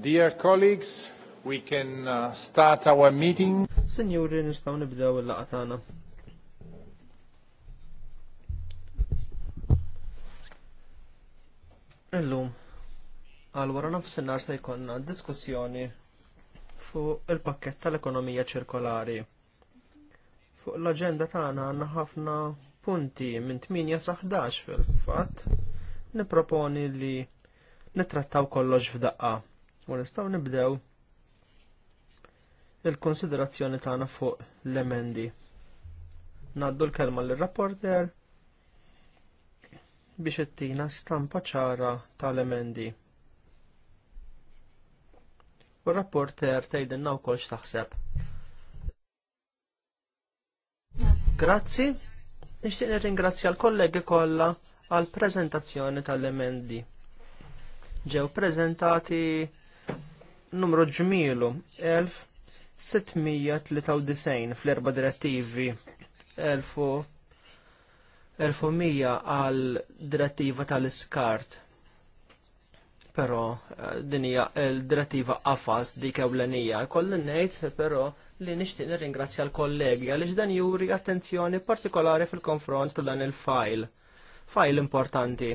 Dear colleagues, we can uh, start our meeting. Signori, nistaw nibdew il-laqa tagħna. Illum, għal wara nofsinhar se jkollna diskussjoni fuq il-pakkett tal-ekonomija ċirkolari. Fuq l-aġenda tagħna għandna ħafna punti minn 8 sa 11 fil-fatt, niproponi li nitrattaw kollox f'daqqa u nistgħu nibdew il-konsiderazzjoni tagħna fuq l-emendi. Naddu l-kelma l-rapporter biex ittina stampa ċara tal-emendi. U rapporter tgħidilna wkoll x'taħseb. Grazzi. Nixtieq nirringrazzja l-kollegi kollha għal prezentazzjoni tal-emendi. Ġew preżentati numru ġmilu 1693 fl-erba direttivi 1100 għal direttiva tal-iskart. Però eh, din hija l-direttiva qafas dik ewlenija. Kolli ngħid, però li nixtieq nirringrazzja l-kollegi għaliex dan juri attenzjoni partikolari fil-konfront ta' dan il-file. File importanti.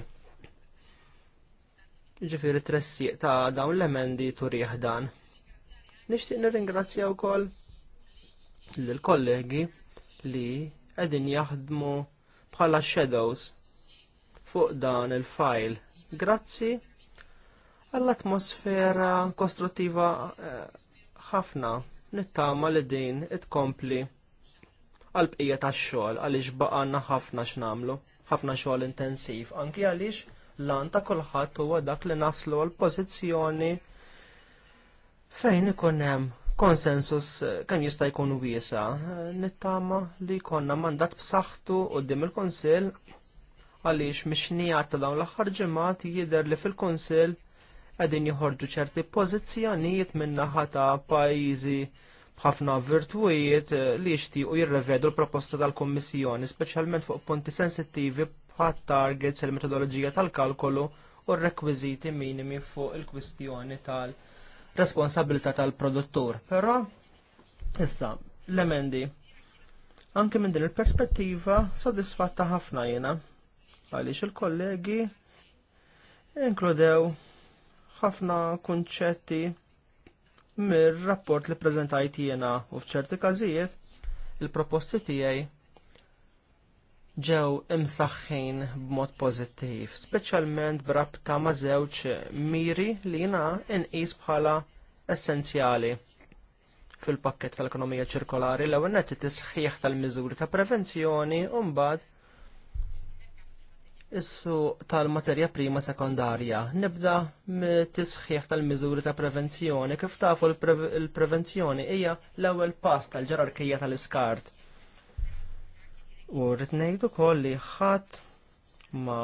Ġifiri tressiq ta' dawn l-emendi turih dan. Nixtieq nirringrazzja wkoll lill-kollegi li qegħdin jaħdmu bħala shadows fuq dan il-file. Grazzi għall-atmosfera kostruttiva eh, ħafna nittama li din itkompli għal-bqija tax xogħol għaliex baqanna ħafna x'namlu, ħafna xogħol intensiv, anki għaliex lan ta' kulħadd huwa dak li naslu għal pożizzjoni fejn ikun hemm konsensus kemm jista' jkun wiesa, nittama li jkollna mandat b'saħħtu qudiem il-Kunsill għaliex mixnijat ta' dawn l-aħħar ġimgħat jidher li fil-Kunsill għedin jħorġu ċerti pozizjonijiet minnaħa ta' pajizi bħafna virtwijiet eh, li jixtiequ jirrevedu l-proposta tal-Kommissjoni, speċjalment fuq punti sensittivi bħat targets il-metodoloġija tal-kalkolu u r-rekwiżiti minimi fuq il-kwistjoni tal-responsabilità tal-produttur. Però, issa, l-emendi. Anke minn din il-perspettiva, sodisfatta ħafna jena, għaliex il-kollegi inkludew ħafna kunċetti mir-rapport li prezentajt jiena u f'ċerti każijiet il-proposti tiegħi ġew imsaħħin b'mod pożittiv, speċjalment b'rabta ma' żewġ miri li jiena inqis bħala essenzjali fil-pakket tal-ekonomija ċirkolari l ewwel nett it-tisħiħ tal-miżuri ta' prevenzjoni u mbagħad is tal-materja prima sekondarja. Nibda mit-tisħiħ tal-miżuri ta' prevenzjoni. Kif tafu l-prevenzjoni hija l-ewwel pass tal-ġerarkija tal-iskart. U rrid ngħidu ukoll li ħadd ma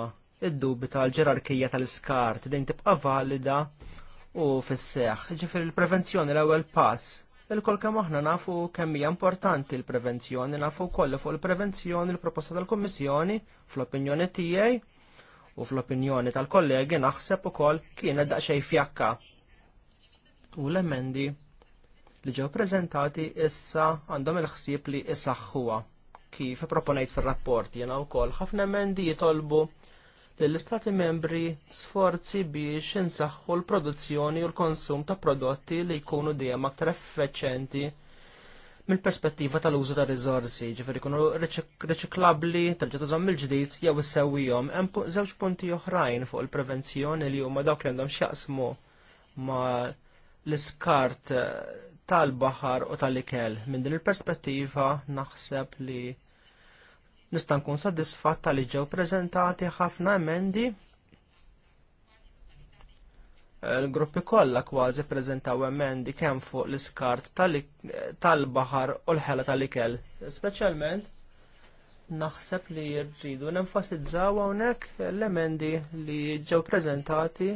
id-dubi tal-ġerarkija tal-iskart din tibqa' valida u fis-seħħ. Ġifier il-prevenzjoni l-ewwel pass il-kol kemm aħna nafu kemm hija importanti l-prevenzjoni, nafu wkoll fuq il-prevenzjoni l-proposta tal-Kummissjoni fl-opinjoni tiegħi u fl-opinjoni tal-kollegi naħseb ukoll kienet daqsxejn fjakka. U l-emendi li ġew preżentati issa għandhom il-ħsieb li isaħħuha kif proponejt fir-rapport jiena wkoll ħafna emendi jitolbu l istati membri sforzi biex insaħħu l-produzzjoni u l-konsum ta' prodotti li jkunu dejjem aktar effeċenti mill-perspettiva tal-użu ta' rizorsi, ġifiri kunu reċiklabli, terġetu zam il-ġdid, jew issewwijom. Hemm żewġ punti oħrajn fuq il-prevenzjoni li huma dawk li għandhom x'jaqsmu ma l-iskart tal-baħar u tal-ikel. Minn din il-perspettiva naħseb li Nista' nkun sodisfatt tal ġew preżentati ħafna emendi il-gruppi kollha kważi preżentaw emendi kemm fuq l-iskart tal-baħar u l-ħela tal-ikel. Speċjalment naħseb li rridu nenfasizzaw hawnhekk l-emendi li ġew preżentati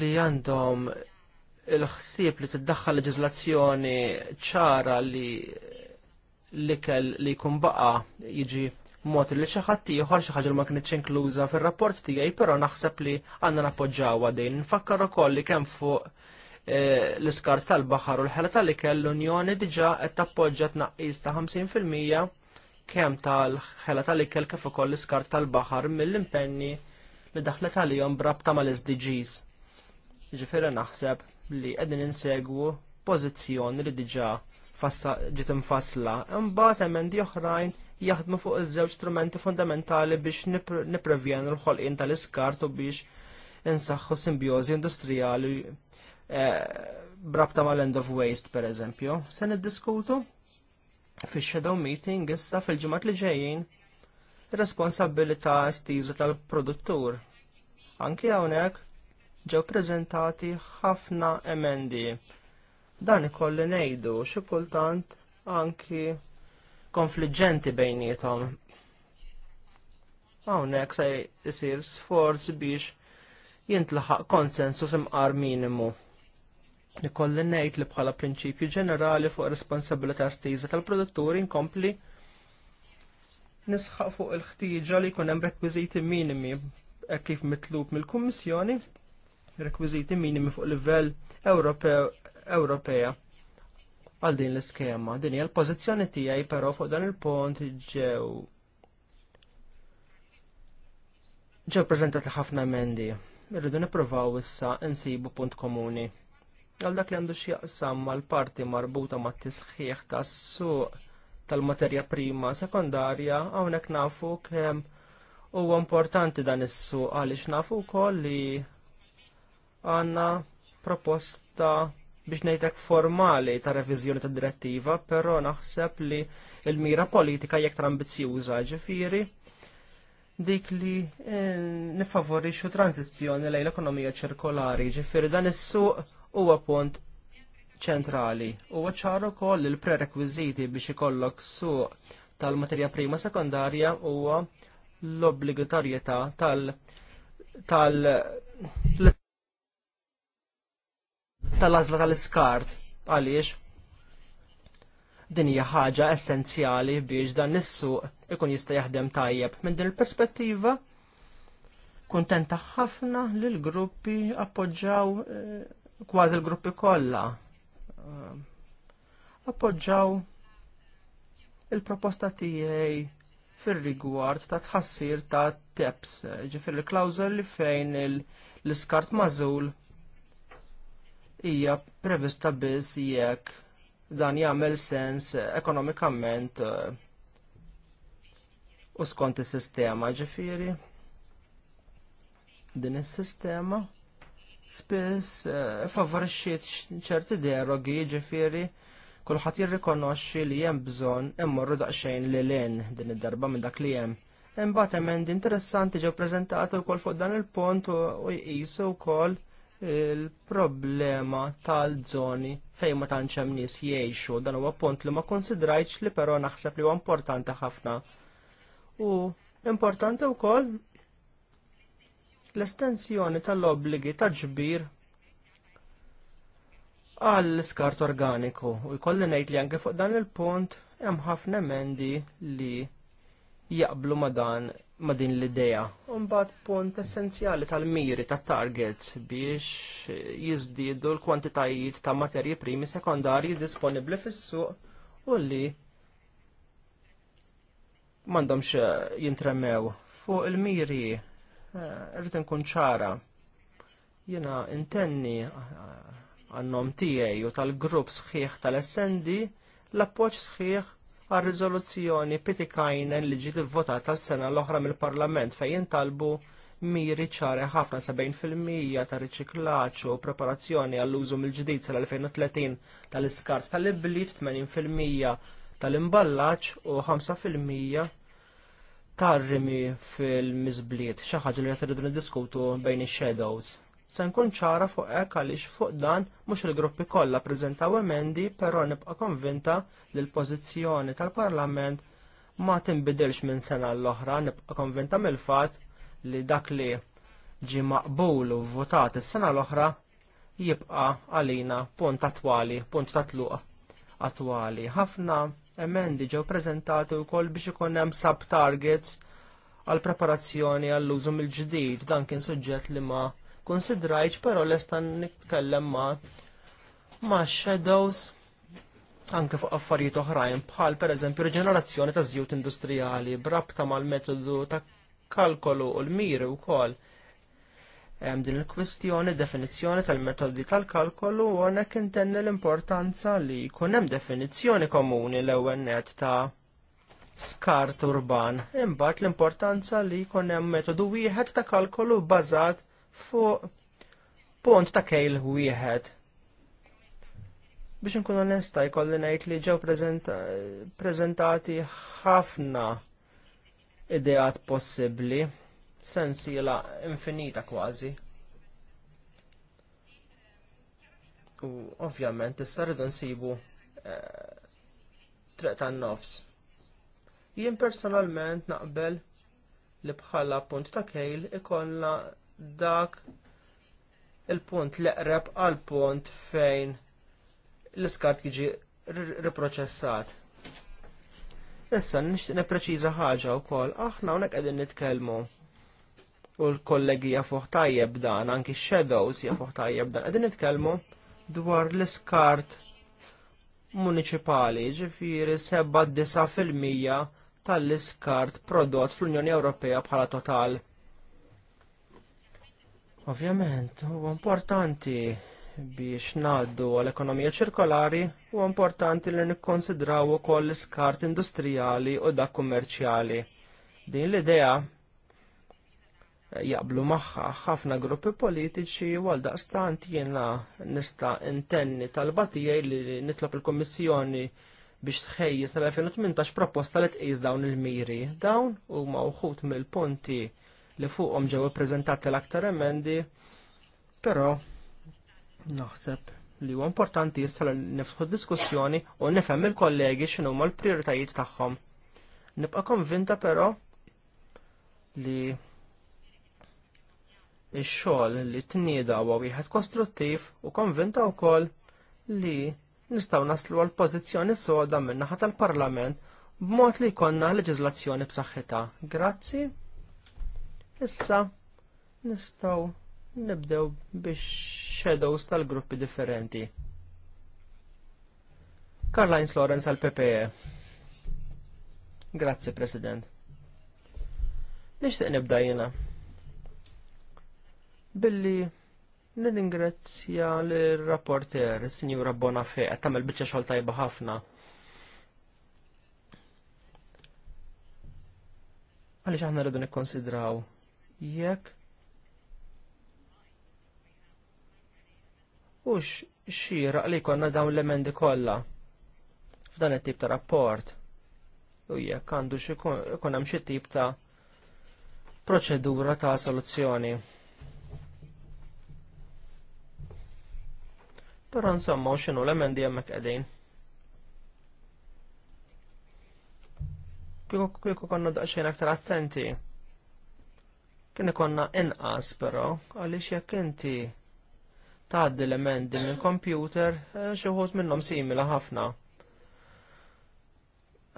li għandhom il-ħsieb li tiddaħħal leġiżlazzjoni ċara li l-ikel li jkun baqa jiġi mod li xi ħadd ieħor xi ħaġa ma kinitx inkluża fir-rapport tiegħi, però naħseb li għandna nappoġġawha din. Nfakkar ukoll li kemm fuq e, l-iskart tal-baħar u l-ħela tal-ikel l-Unjoni diġa qed tappoġġa tnaqqis ta' 50% kemm tal-ħela tal-ikel kif ukoll l-iskart tal-baħar mill-impenni li daħlet għalihom brabta mal-SDGs. Ġifieri naħseb li qegħdin insegwu pożizzjoni li diġa ġiet infassla, imbagħad emendi oħrajn jaħdmu fuq iż-żewġ strumenti fundamentali biex nipprevjenu l-ħolqien tal-iskart u biex insaħħu simbjożi industrijali eh, brabta mal-end of waste, per eżempju. Se niddiskutu fix shadow meeting issa fil-ġimgħat li ġejjin responsabilità estiża tal-produttur. Anki hawnhekk ġew preżentati ħafna emendi Dan ikolli ngħidu xi kultant anki konfliġġenti bejnietom. Hawnhekk se jsir sforz biex jintlaħaq konsensus imqar minimu. Nikolli ngħid li bħala prinċipju ġenerali fuq responsabilità stiża tal-produtturi inkompli nisħaq fuq il-ħtieġa li jkun hemm rekwiżiti minimi e kif mitlub mill-Kummissjoni, rekwiżiti minimi fuq livell Ewropew Ewropea għal din l-iskema. Din hija l-pożizzjoni tiegħi però fuq dan il-pont ġew ġew preżentati ħafna emendi. Irridu nippruvaw issa insibu punt komuni. Għal dak li għandu x'jaqsam mal-parti marbuta mat-tisħiħ tas-suq tal-materja prima sekondarja hawnhekk nafu kemm huwa importanti dan is-suq għaliex nafu wkoll li għandna proposta biex ngħidlek formali ta' reviżjoni tad direttiva, però naħseb li l-mira politika jekk tra ambizzjuża ġifieri dik li eh, nifavorixxu tranzizzjoni lejn l-ekonomija ċirkolari, ġifieri dan is-suq huwa punt ċentrali. Huwa ċar ukoll il-prerekwiżiti biex ikollok suq tal-materja prima sekondarja huwa l-obbligatorjetà tal- tal tal-azla tal-iskart. Għaliex? Din hija ħaġa essenzjali biex dan is-suq ikun jista' jaħdem tajjeb. Minn din il-perspettiva, kuntenta ħafna li l-gruppi appoġġaw eh, kważi l-gruppi kollha. Eh, appoġġaw il-proposta tiegħi fir-rigward ta' tħassir ta' TEPS, eh, ġifir il-klawżol li fejn l-iskart mażul hija prevista biss jekk dan jagħmel sens ekonomikament eh, u skont is-sistema ġifieri. Din is-sistema spiss eh, favorixxiet ċerti derogi ġifieri kulħadd jirrikonoxxi li hemm bżonn immorru daqsxejn lil hinn din id-darba minn dak li hemm. Imbagħad emendi interessanti ġew preżentati wkoll fuq dan il-punt u jqisu wkoll il-problema tal-żoni fejn ma tantx hemm nies jgħixu. Dan huwa punt li ma konsidrajtx li però naħseb li huwa importanti ħafna. U importanti wkoll l-estensjoni tal-obbligi ta' ġbir għall iskart organiku. U jkolli ngħid li anke fuq dan il-punt hemm ħafna emendi li jaqblu ma dan ma' din l-ideja. Mbagħad punt essenzjali tal-miri tat-targets biex jiżdiedu l-kwantitajiet ta' materji primi sekondarji disponibbli fis-suq u li m'għandhomx eh, jintremew fuq il-miri eh, rrid nkun ċara. Jiena intenni eh, għannom tiegħi u tal-grupp sħiħ tal snd l-appoġġ sħiħ għal riżoluzzjoni Pitikajnen li ġiet ivvotata s-sena l-oħra mill-Parlament fejn jintalbu miri ċare ħafna 70% ta' riċiklaġġ u preparazzjoni għall-użu mill-ġdid sal-2030 tal-iskart tal-ibliet 80% tal-imballaġġ u 5% tarrimi fil-miżbliet, xaħġa ħaġa li qed irridu niddiskutu bejn ix-shadows. Se nkun ċara fuq hekk għaliex fuq dan mhux il-gruppi kollha preżentaw emendi, però nibqa' konvinta li l-pożizzjoni tal-Parlament ma tinbidilx minn sena l-oħra, nibqa' konvinta mill-fatt li dak li ġi maqbul u votat is-sena l-oħra jibqa' għalina punt attwali, punt tatluq attwali. Ħafna emendi ġew preżentati wkoll biex ikun hemm sub-targets għal preparazzjoni għall użu mill-ġdid dan kien suġġett li ma konsidrajċ, pero l-estan nitkellem ma' ma' shadows anke fuq affarijiet oħrajn bħal pereżempju reġenerazzjoni ta' żjut industrijali brabta mal-metodu ta' kalkolu u l-miri wkoll. Hemm din il-kwistjoni definizzjoni tal-metodi tal-kalkolu u hawnhekk intenni l-importanza li jkun hemm definizzjoni komuni l-ewwel net ta' skart urban. Imbagħad l-importanza li jkun hemm metodu wieħed ta' kalkolu bbażat fuq punt ta' kejl wieħed. Biex l-instaj jkolli ngħid li ġew preżentati ħafna ideat possibbli, sensiela infinita kważi. U ovvjament issa rridu nsibu eh, treq tan-nofs. Jien personalment naqbel li bħala punt ta' kejl ikollna dak il-punt l-eqreb għal punt fejn l-iskart jiġi riproċessat. Issa nixtieq nepreċiża ħaġa wkoll aħna hawnhekk qegħdin nitkellmu u l-kollegi jafuħ tajjeb dan, anki shadows jafuħ tajjeb dan, qegħdin nitkellmu dwar l-iskart municipali, ġifiri seba' disa' fil-mija tal-iskart prodott fl-Unjoni Ewropea bħala total. Ovvjament, huwa importanti biex ngħaddu għall ekonomija ċirkolari huwa importanti li nikkonsidraw ukoll l-iskart industrijali u dak kummerċjali. Din l-idea eh, jaqblu magħha ħafna gruppi politiċi u għal daqstant jiena nista' intenni tal batija li nitlob il-Kommissjoni biex tħejjis l-2018 proposta li tqis dawn il-miri. Dawn huma wħud mill-punti li fuqhom ġew ippreżentati l-aktar emendi, però naħseb li huwa importanti issa li nifħu diskussjoni u nifhem il-kollegi x'inhu huma l-prijoritajiet tagħhom. Nibqa' konvinta però li ix-xogħol li tnieda huwa wieħed kostruttiv u konvinta wkoll li nistgħu naslu għal pożizzjoni soda min-naħa tal-Parlament b'mod li jkollna leġiżlazzjoni b'saħħitha. Grazzi. Issa nistgħu nibdew biex shadows tal-gruppi differenti. Karl-Heinz Lorenz għal PPE. Grazzi, President. Nixtieq nibda jiena. Billi nirringrazzja l-rapporter, Sinjura Bonafè, qed tagħmel biċċa xogħol tajba ħafna. Għaliex aħna rridu nikkonsidraw jekk Ux xira li konna dawn l-emendi kollha f'dan it-tip ta' rapport. U jekk għandu ikun hemm xi tip ta' proċedura ta' soluzzjoni. Però insomma u x'inhu l-emendi hemmhekk qegħdin. Kieku konna daqsxejn aktar attenti. Kien ikonna inqas però għaliex jekk inti tgħaddi l-emendi minn kompjuter eh, xi wħud minnhom simila ħafna.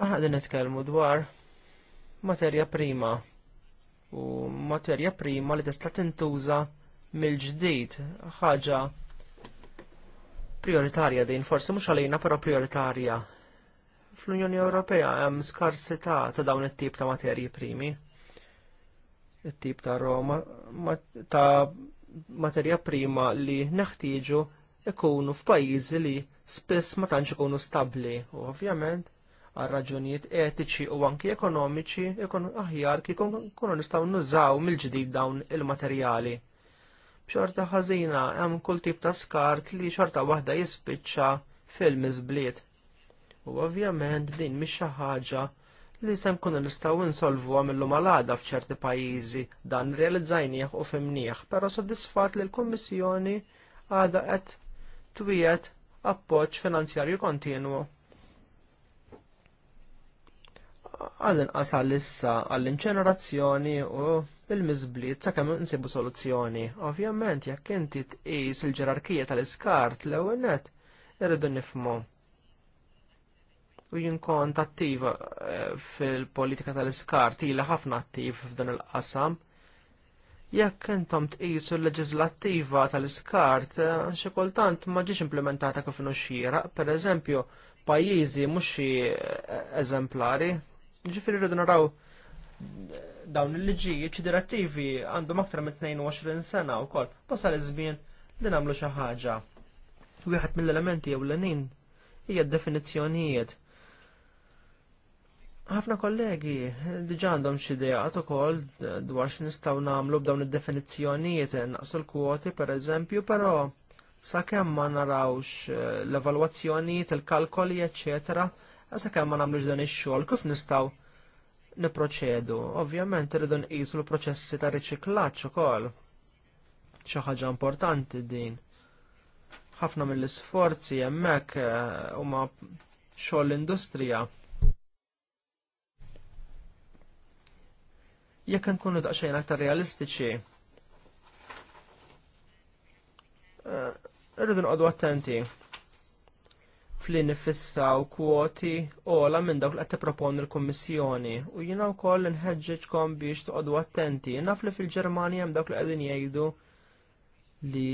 Aħna din nitkellmu dwar materja prima u materja prima li tista' tintuża mill-ġdid ħaġa prioritarja din forsi mhux għalina però prioritarja. Fl-Unjoni Ewropea hemm skarsità ta' dawn it-tip ta' materji primi it-tip ta' Roma ta' materja prima li neħtieġu ikunu f'pajjiżi li spiss ma tantx ikunu stabbli u ovvjament għal raġunijiet etiċi u anki ekonomiċi ikunu aħjar kif ikunu nistgħu nużaw mill-ġdid dawn il-materjali. B'xorta ħażina hemm kull tip ta' skart li xorta waħda jispiċċa fil-miżbliet. U ovvjament din mhix xi ħaġa li sem kuna nistaw insolvu għamillu malada fċerti pajizi dan realizzajnieħ u femnieħ, pero soddisfat li l-Kommissjoni għada qed twijet appoċ finanzjarju kontinwu. Għadin qasa l-issa għall-inċenerazzjoni u bil mizbliet sa' kemm nsibu soluzzjoni. Ovvjament, jekk inti tqis il-ġerarkija tal-iskart l-ewwel net, irridu nifmu u jinkont attiv eh, fil-politika tal-iskart li ħafna attiv f'dan il-qasam. Jekk intom tqisu l-leġislattiva tal-iskart xi kultant ma ġiex implementata kif nuxxira, per eżempju, pajjiżi mhux xi eh, eżemplari, ġifieri rridu naraw eh, dawn il-liġijiet xi direttivi għandhom aktar minn 22 sena wkoll, wasal li żmien li nagħmlu xi ħaġa. Wieħed mill-elementi jew l hija d-definizzjonijiet ħafna kollegi diġa għandhom xi ideat ukoll dwar x'nistgħu nagħmlu b'dawn id-definizzjonijiet naqsu l-kwoti pereżempju, però sakemm ma narawx eh, l-evalwazzjonijiet, il-kalkoli, eċetera, sakemm ma nagħmlux dan ix-xogħol kif nistgħu niproċedu. Ovvjament irridu nqisu l-proċessi ta' riċiklaġġ ukoll. Xi ħaġa importanti din. Ħafna mill-isforzi hemmhekk eh, huma xogħol l-industrija jekk nkunu daqsxejn aktar realistiċi. Eh, irridu nqogħdu attenti fli nifissaw kwoti ola minn dawk li qed tipproponi l-Kummissjoni u jiena wkoll inħeġġeġkom biex toqogħdu attenti. Naf li fil-Ġermanja hemm dawk li qegħdin jgħidu li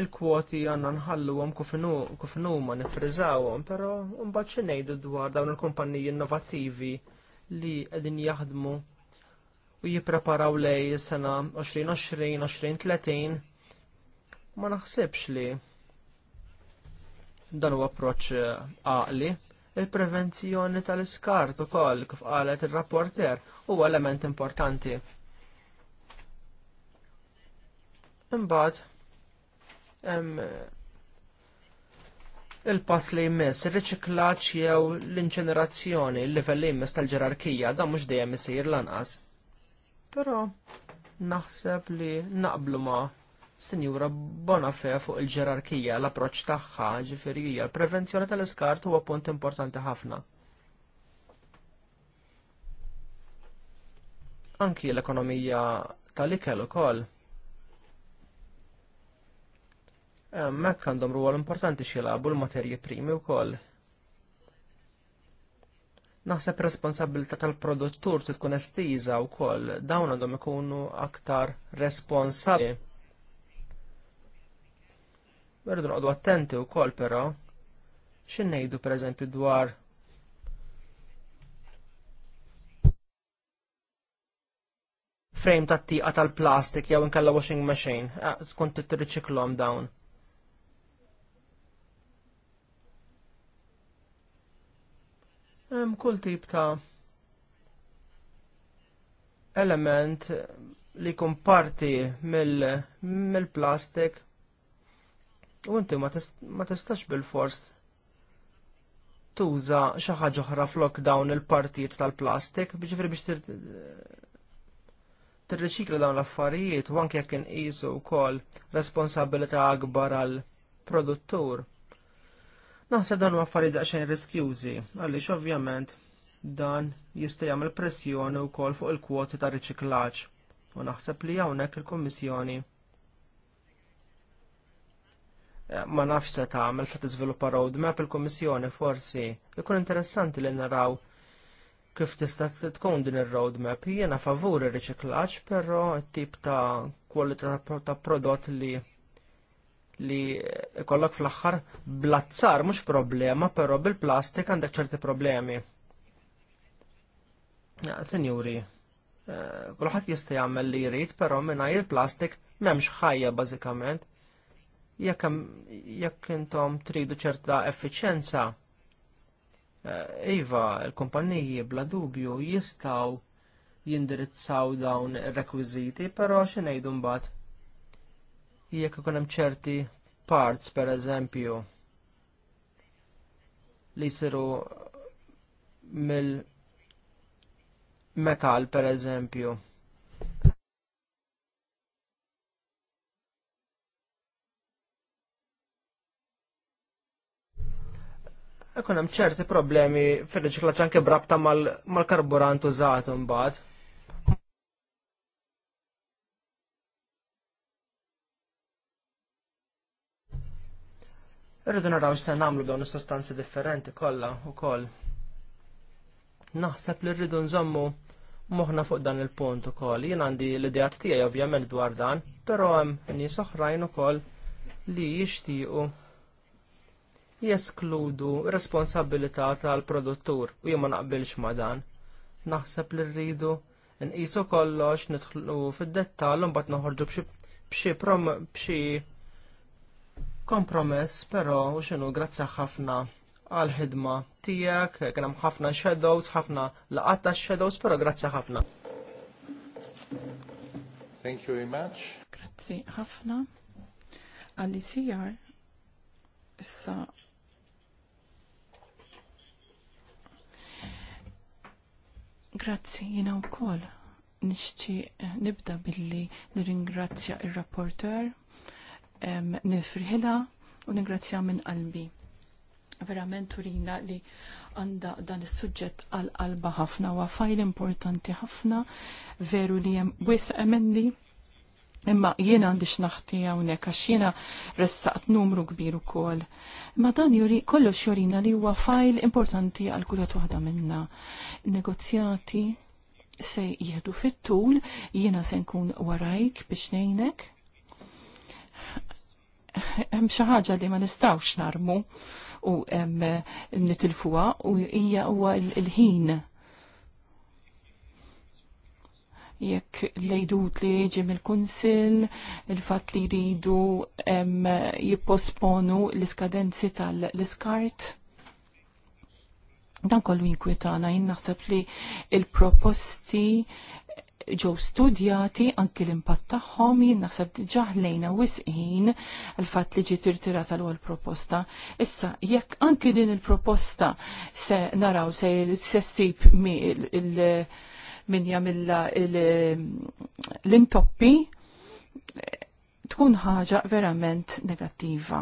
il-kwoti għanna nħalluhom huma nifriżawhom, però mbagħad xi ngħidu dwar dawn il-kumpanniji innovattivi li qegħdin jaħdmu u jippreparaw lej sena 2020, 2030 ma naħsibx li dan huwa approċċ eh, għaqli il-prevenzjoni tal-iskart ukoll kif qalet ir rapporter huwa element importanti. Imbagħad il-pass li jmiss, il-reċiklaċ jew l-inċenerazzjoni, il level li jmiss tal-ġerarkija, dan mhux dejjem isir lanqas. Però naħseb li naqblu ma Sinjura Bonafè fuq il-ġerarkija, l-approċċ tagħha ġifirija, l-prevenzjoni tal-iskart huwa punt importanti ħafna. Anki l-ekonomija tal-ikel ukoll Mek għandhom ruol importanti xilabu l-materji primi u koll. Naħseb responsabilta tal-produttur tkun estiza u koll, dawn għandhom ikunu aktar responsabli. Verdu noqdu attenti u koll pero, xinnejdu per eżempju dwar frame tat tiqa tal-plastik jew inkella washing machine, ah, tkun titriċiklhom dawn. hemm kull tip ta' element li jkun parti mill-plastik mil u inti ma tistax bil-fors tuża xi ħaġa oħra flok dawn il-partijiet tal-plastik biex ġifri biex tirriċikla dawn l-affarijiet u anke jekk inqisu wkoll responsabilità akbar għall produttur Naħseb dan huwa affarijiet daqsxejn riskjużi, għaliex ovvjament dan jista' jagħmel pressjoni wkoll fuq il-kwoti ta' riċiklaġġ u naħseb li hawnhekk il-Kummissjoni eh, ma nafx se tagħmel se tiżviluppa roadmap il-Kummissjoni forsi jkun interessanti li naraw kif tista' tkun din ir-roadmap jiena favur ir-riċiklaġġ, però t-tip ta' kwalità ta' prodott li li kollok fl-axħar blazzar mux problema, pero bil-plastik għandek ċerti problemi. senjuri, eh, kullħat jista' jagħmel li jrid, però mingħajr il-plastik m'hemmx ħajja bażikament. Jek jekk intom tridu ċerta effiċjenza, eh, iva, l-kumpanniji bla dubju jistgħu jindirizzaw dawn ir-rekwiżiti, però xi ngħidu mbagħad jekk ikun hemm ċerti parts pereżempju li jsiru mill metal pereżempju. Ekkun hemm ċerti problemi fir-riċiklaġġ anke brabta mal-karburant użat imbagħad. Irridu naraw se nagħmlu dawn is-sostanzi differenti kollha wkoll. Naħseb li rridu nżammu moħna fuq dan il-punt ukoll. Jien għandi l idea tiegħi ovvjament dwar dan, però hemm nies oħrajn ukoll li jixtiequ jeskludu responsabilità tal-produttur u jien ma naqbilx ma' dan. Naħseb li rridu nqisu kollox nidħlu fid-dettall u mbagħad noħorġu b'xi b'xi Kompromess, pero xinu grazzi ħafna għal ħidma tijak, kien hemm ħafna shadows, ħafna laqata shadows, però grazzi ħafna. Thank you very much. Grazzi ħafna. Għalli sijar issa Grazzi jina u kol nishti nibda billi nirringrazzja il-rapporter nifriħila u ningrazzja minn qalbi. Verament turina li għanda dan is-suġġett għal qalba ħafna u fajl importanti ħafna veru li hemm wis emendi imma jiena għandi xnaħti hawnhekk għax jiena ressaqt numru kbir ukoll. Ma dan juri kollox jorina li huwa fajl importanti għal kulħadd waħda minna. Negozjati se jieħdu fit-tul, jiena se nkun warajk biex ngħinek hemm xi ħaġa li ma nistgħux narmu u hemm eh, nitilfuha u hija huwa l-ħin. Jekk lejdut li jiġi mill-Kunsill, il-fatt li jridu jipposponu l-iskadenzi tal-iskart. Dan kollu jinkwitana, jien naħseb li il-proposti l il proposti ġew studjati anki l-impatt tagħhom jien naħseb diġà ħlejna wisqin għall fatt li ġiet irtirata l-ewwel proposta. Issa jekk anki din il-proposta se naraw se ssib min jagħmilha l-intoppi tkun ħaġa verament negattiva.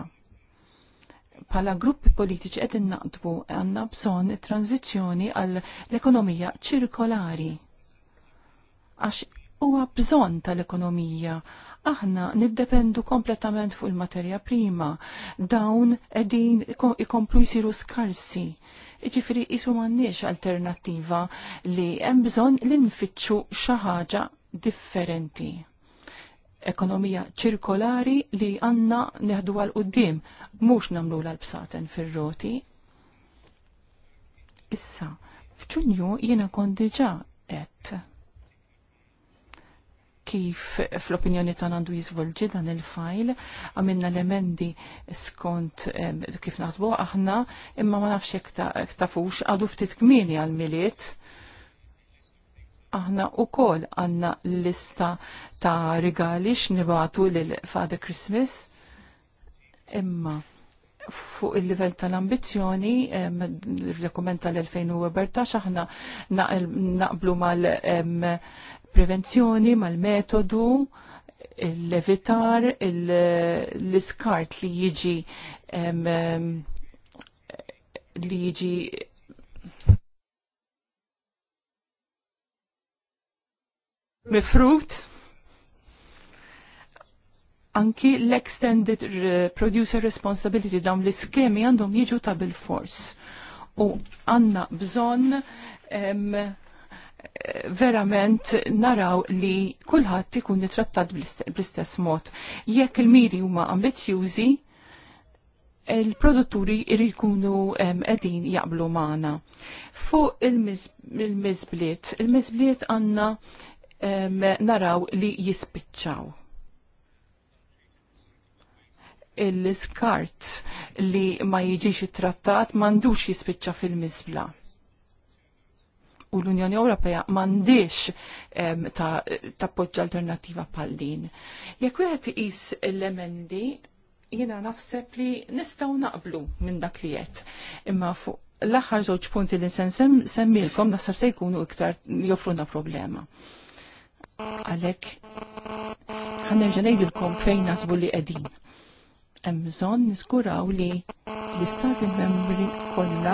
Pala gruppi politiċi qed innaqdbu għandna bżonn it-tranzizzjoni għall ekonomija ċirkolari għax huwa bżonn tal-ekonomija. Aħna niddependu kompletament fuq il-materja prima. Dawn qegħdin ikomplu jsiru skarsi. Ġifieri jisu m'għandniex alternattiva li hemm bżonn li nfittxu xi ħaġa differenti ekonomija ċirkolari li għanna neħdu għal qoddim, mux namlu l-bsaten fil-roti. Issa, f'ġunju jiena kondiġa diġa qed kif fl-opinjoni ta' għandu jizvolġi dan il-fajl, għamilna l-emendi skont kif naħsbu aħna, imma ma nafx jek tafux għadu ftit kmini għal-miliet. Aħna u kol għanna lista ta' regali x'nibatu lil Father Christmas. Imma fuq il-livell tal-ambizjoni, il dokument tal-2014, aħna naqblu mal-prevenzjoni, mal-metodu, l-levitar, l-iskart li jiġi li jiġi mifrut anki l-extended producer responsibility dawn l-iskemi għandhom jiġu ta' bil-fors. U għanna bżon em, verament naraw li kullħat ikun nitrattat bl-istess mod. Jekk il-miri huma ambizjużi, il-produtturi jkunu qegħdin jaqblu magħna. Fuq il mizbliet il mizbliet għandna naraw li jispiċċaw l-iskart li ma jiġix it-trattat mandux jispiċċa fil-mizbla. U l-Unjoni Ewropea mandiex ta', ta poġġa alternativa pallin. Jekk wieħed iqis l-emendi, jiena naħseb li nistgħu naqblu minn dak li qed. Imma fuq l-aħħar żewġ punti li se semmilkom naħseb se jkunu iktar joffruna problema. Għalhekk ħanerġa' ngħidilkom fejn nasbu li qegħdin hemm bżonn li l-istati membri kollha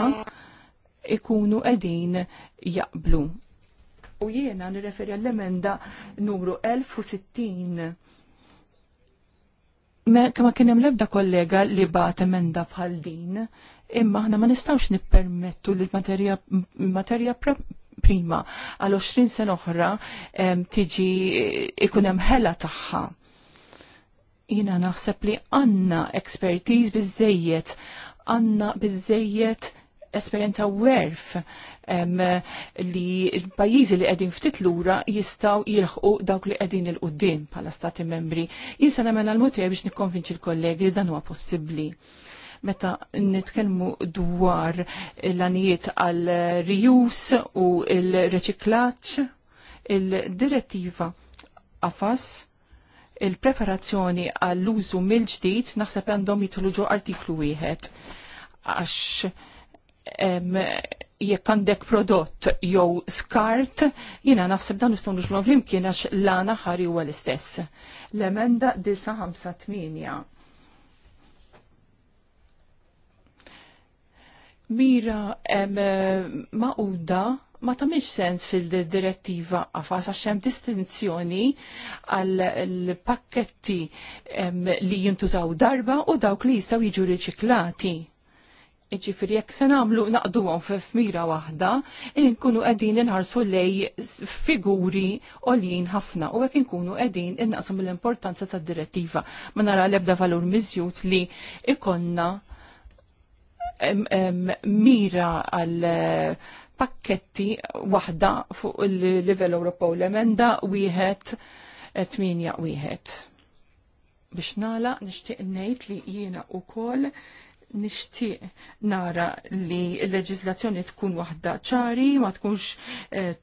ikunu qegħdin jaqblu. U jiena nirreferi għall-emenda numru 1060. Kema kien hemm l-ebda kollega li bat emenda bħal din, imma aħna ma nistgħux nippermettu li l-materja prima għal 20 sen oħra tiġi ikun hemm ħela tagħha Jina naħseb li għanna ekspertiz bizzejiet, għanna bizzejiet esperienza werf em, li l-pajizi li għedin ftit lura jistaw jilħu dawk li għedin il-qoddim pala stati membri. Jinsa namel għal-mutija biex nikonvinċi l-kollegi li dan huwa possibli. Meta nitkellmu dwar l-anijiet għal rijus u il-reċiklaċ, il-direttiva għafas il-preparazzjoni għall-użu mill-ġdid naħseb għandhom jitluġu artiklu wieħed għax jekk għandek prodott jew skart, jina naħseb dan nistgħu nixlu flimkien għax l-għana ħari huwa l-istess. L-emenda 958. Mira maquda ma tamiex sens fil-direttiva għafas għaxem hemm distinzjoni għal pakketti li jintużaw darba u dawk li jistaw jiġu riċiklati. Iġifiri, jekk se namlu naqdu għon f'mira wahda, nkunu għedin nħarsu lej figuri oljien ħafna u jekk inkunu għedin innaqsam l-importanza ta' direttiva. Ma nara lebda valur mizjut li ikonna mira għal pakketti waħda fuq il-livell Ewropew l-emenda wieħed tminja wieħed. Biex nala nixtieq ngħid li jiena ukoll nixtieq nara li l-leġiżlazzjoni tkun waħda ċari, ma tkunx eh,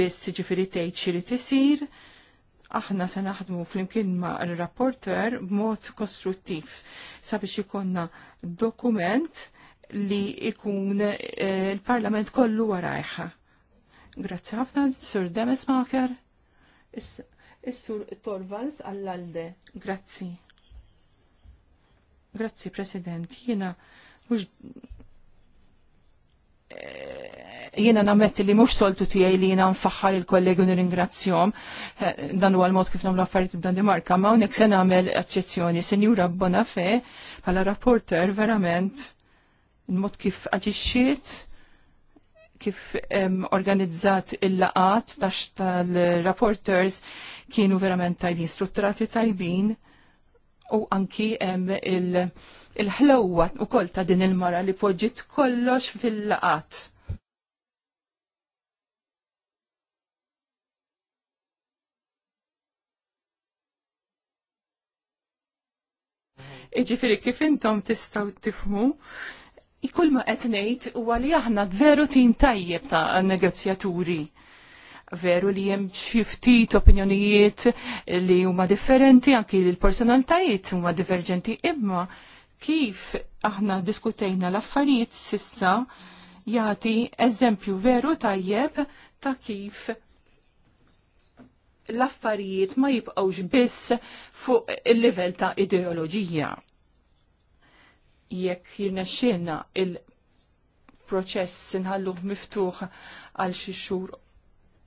biss ġifieri tgħid xiri tisir. Aħna se naħdmu flimkien ma' r-rapporter b'mod kostruttiv sabiex ikonna dokument li ikun eh, il-Parlament kollu warajħa. Grazzi ħafna, Sur Demes Maker, Is-Sur Torvalds għall-Alde. Grazzi. Grazzi, President. Jena, mux eh, jiena nammetti li mhux soltu tiegħi li jena nfaħħar il-kollegi u ingrazzjom eh, dan huwa l-mod kif nagħmlu affarijiet id-Danimarka, ma hawnhekk se nagħmel eċċezzjoni. Sinjura Bonafè bħala rapporter verament il-mod kif aġixxiet, kif um, organizzat il-laqat tax tal-rapporters kienu verament tajbin, strutturati tajbin u anki um, il-ħlowa il u koll ta' din il-mara li poġit kollox fil-laqat. Iġifiri, kif intom tistaw tifmu Ikul ma qed ngħid huwa li aħna veru tim tajjeb ta' negozjaturi. Veru li hemm xi ftit opinjonijiet li huma differenti, anki l-personalitajiet huma diverġenti imma kif aħna diskutejna l-affarijiet sissa jagħti eżempju veru tajjeb ta' kif l-affarijiet ma jibqawx biss fuq il-level ta' ideoloġija jekk jirnexxina il-proċess inħalluh miftuħ għal xi xhur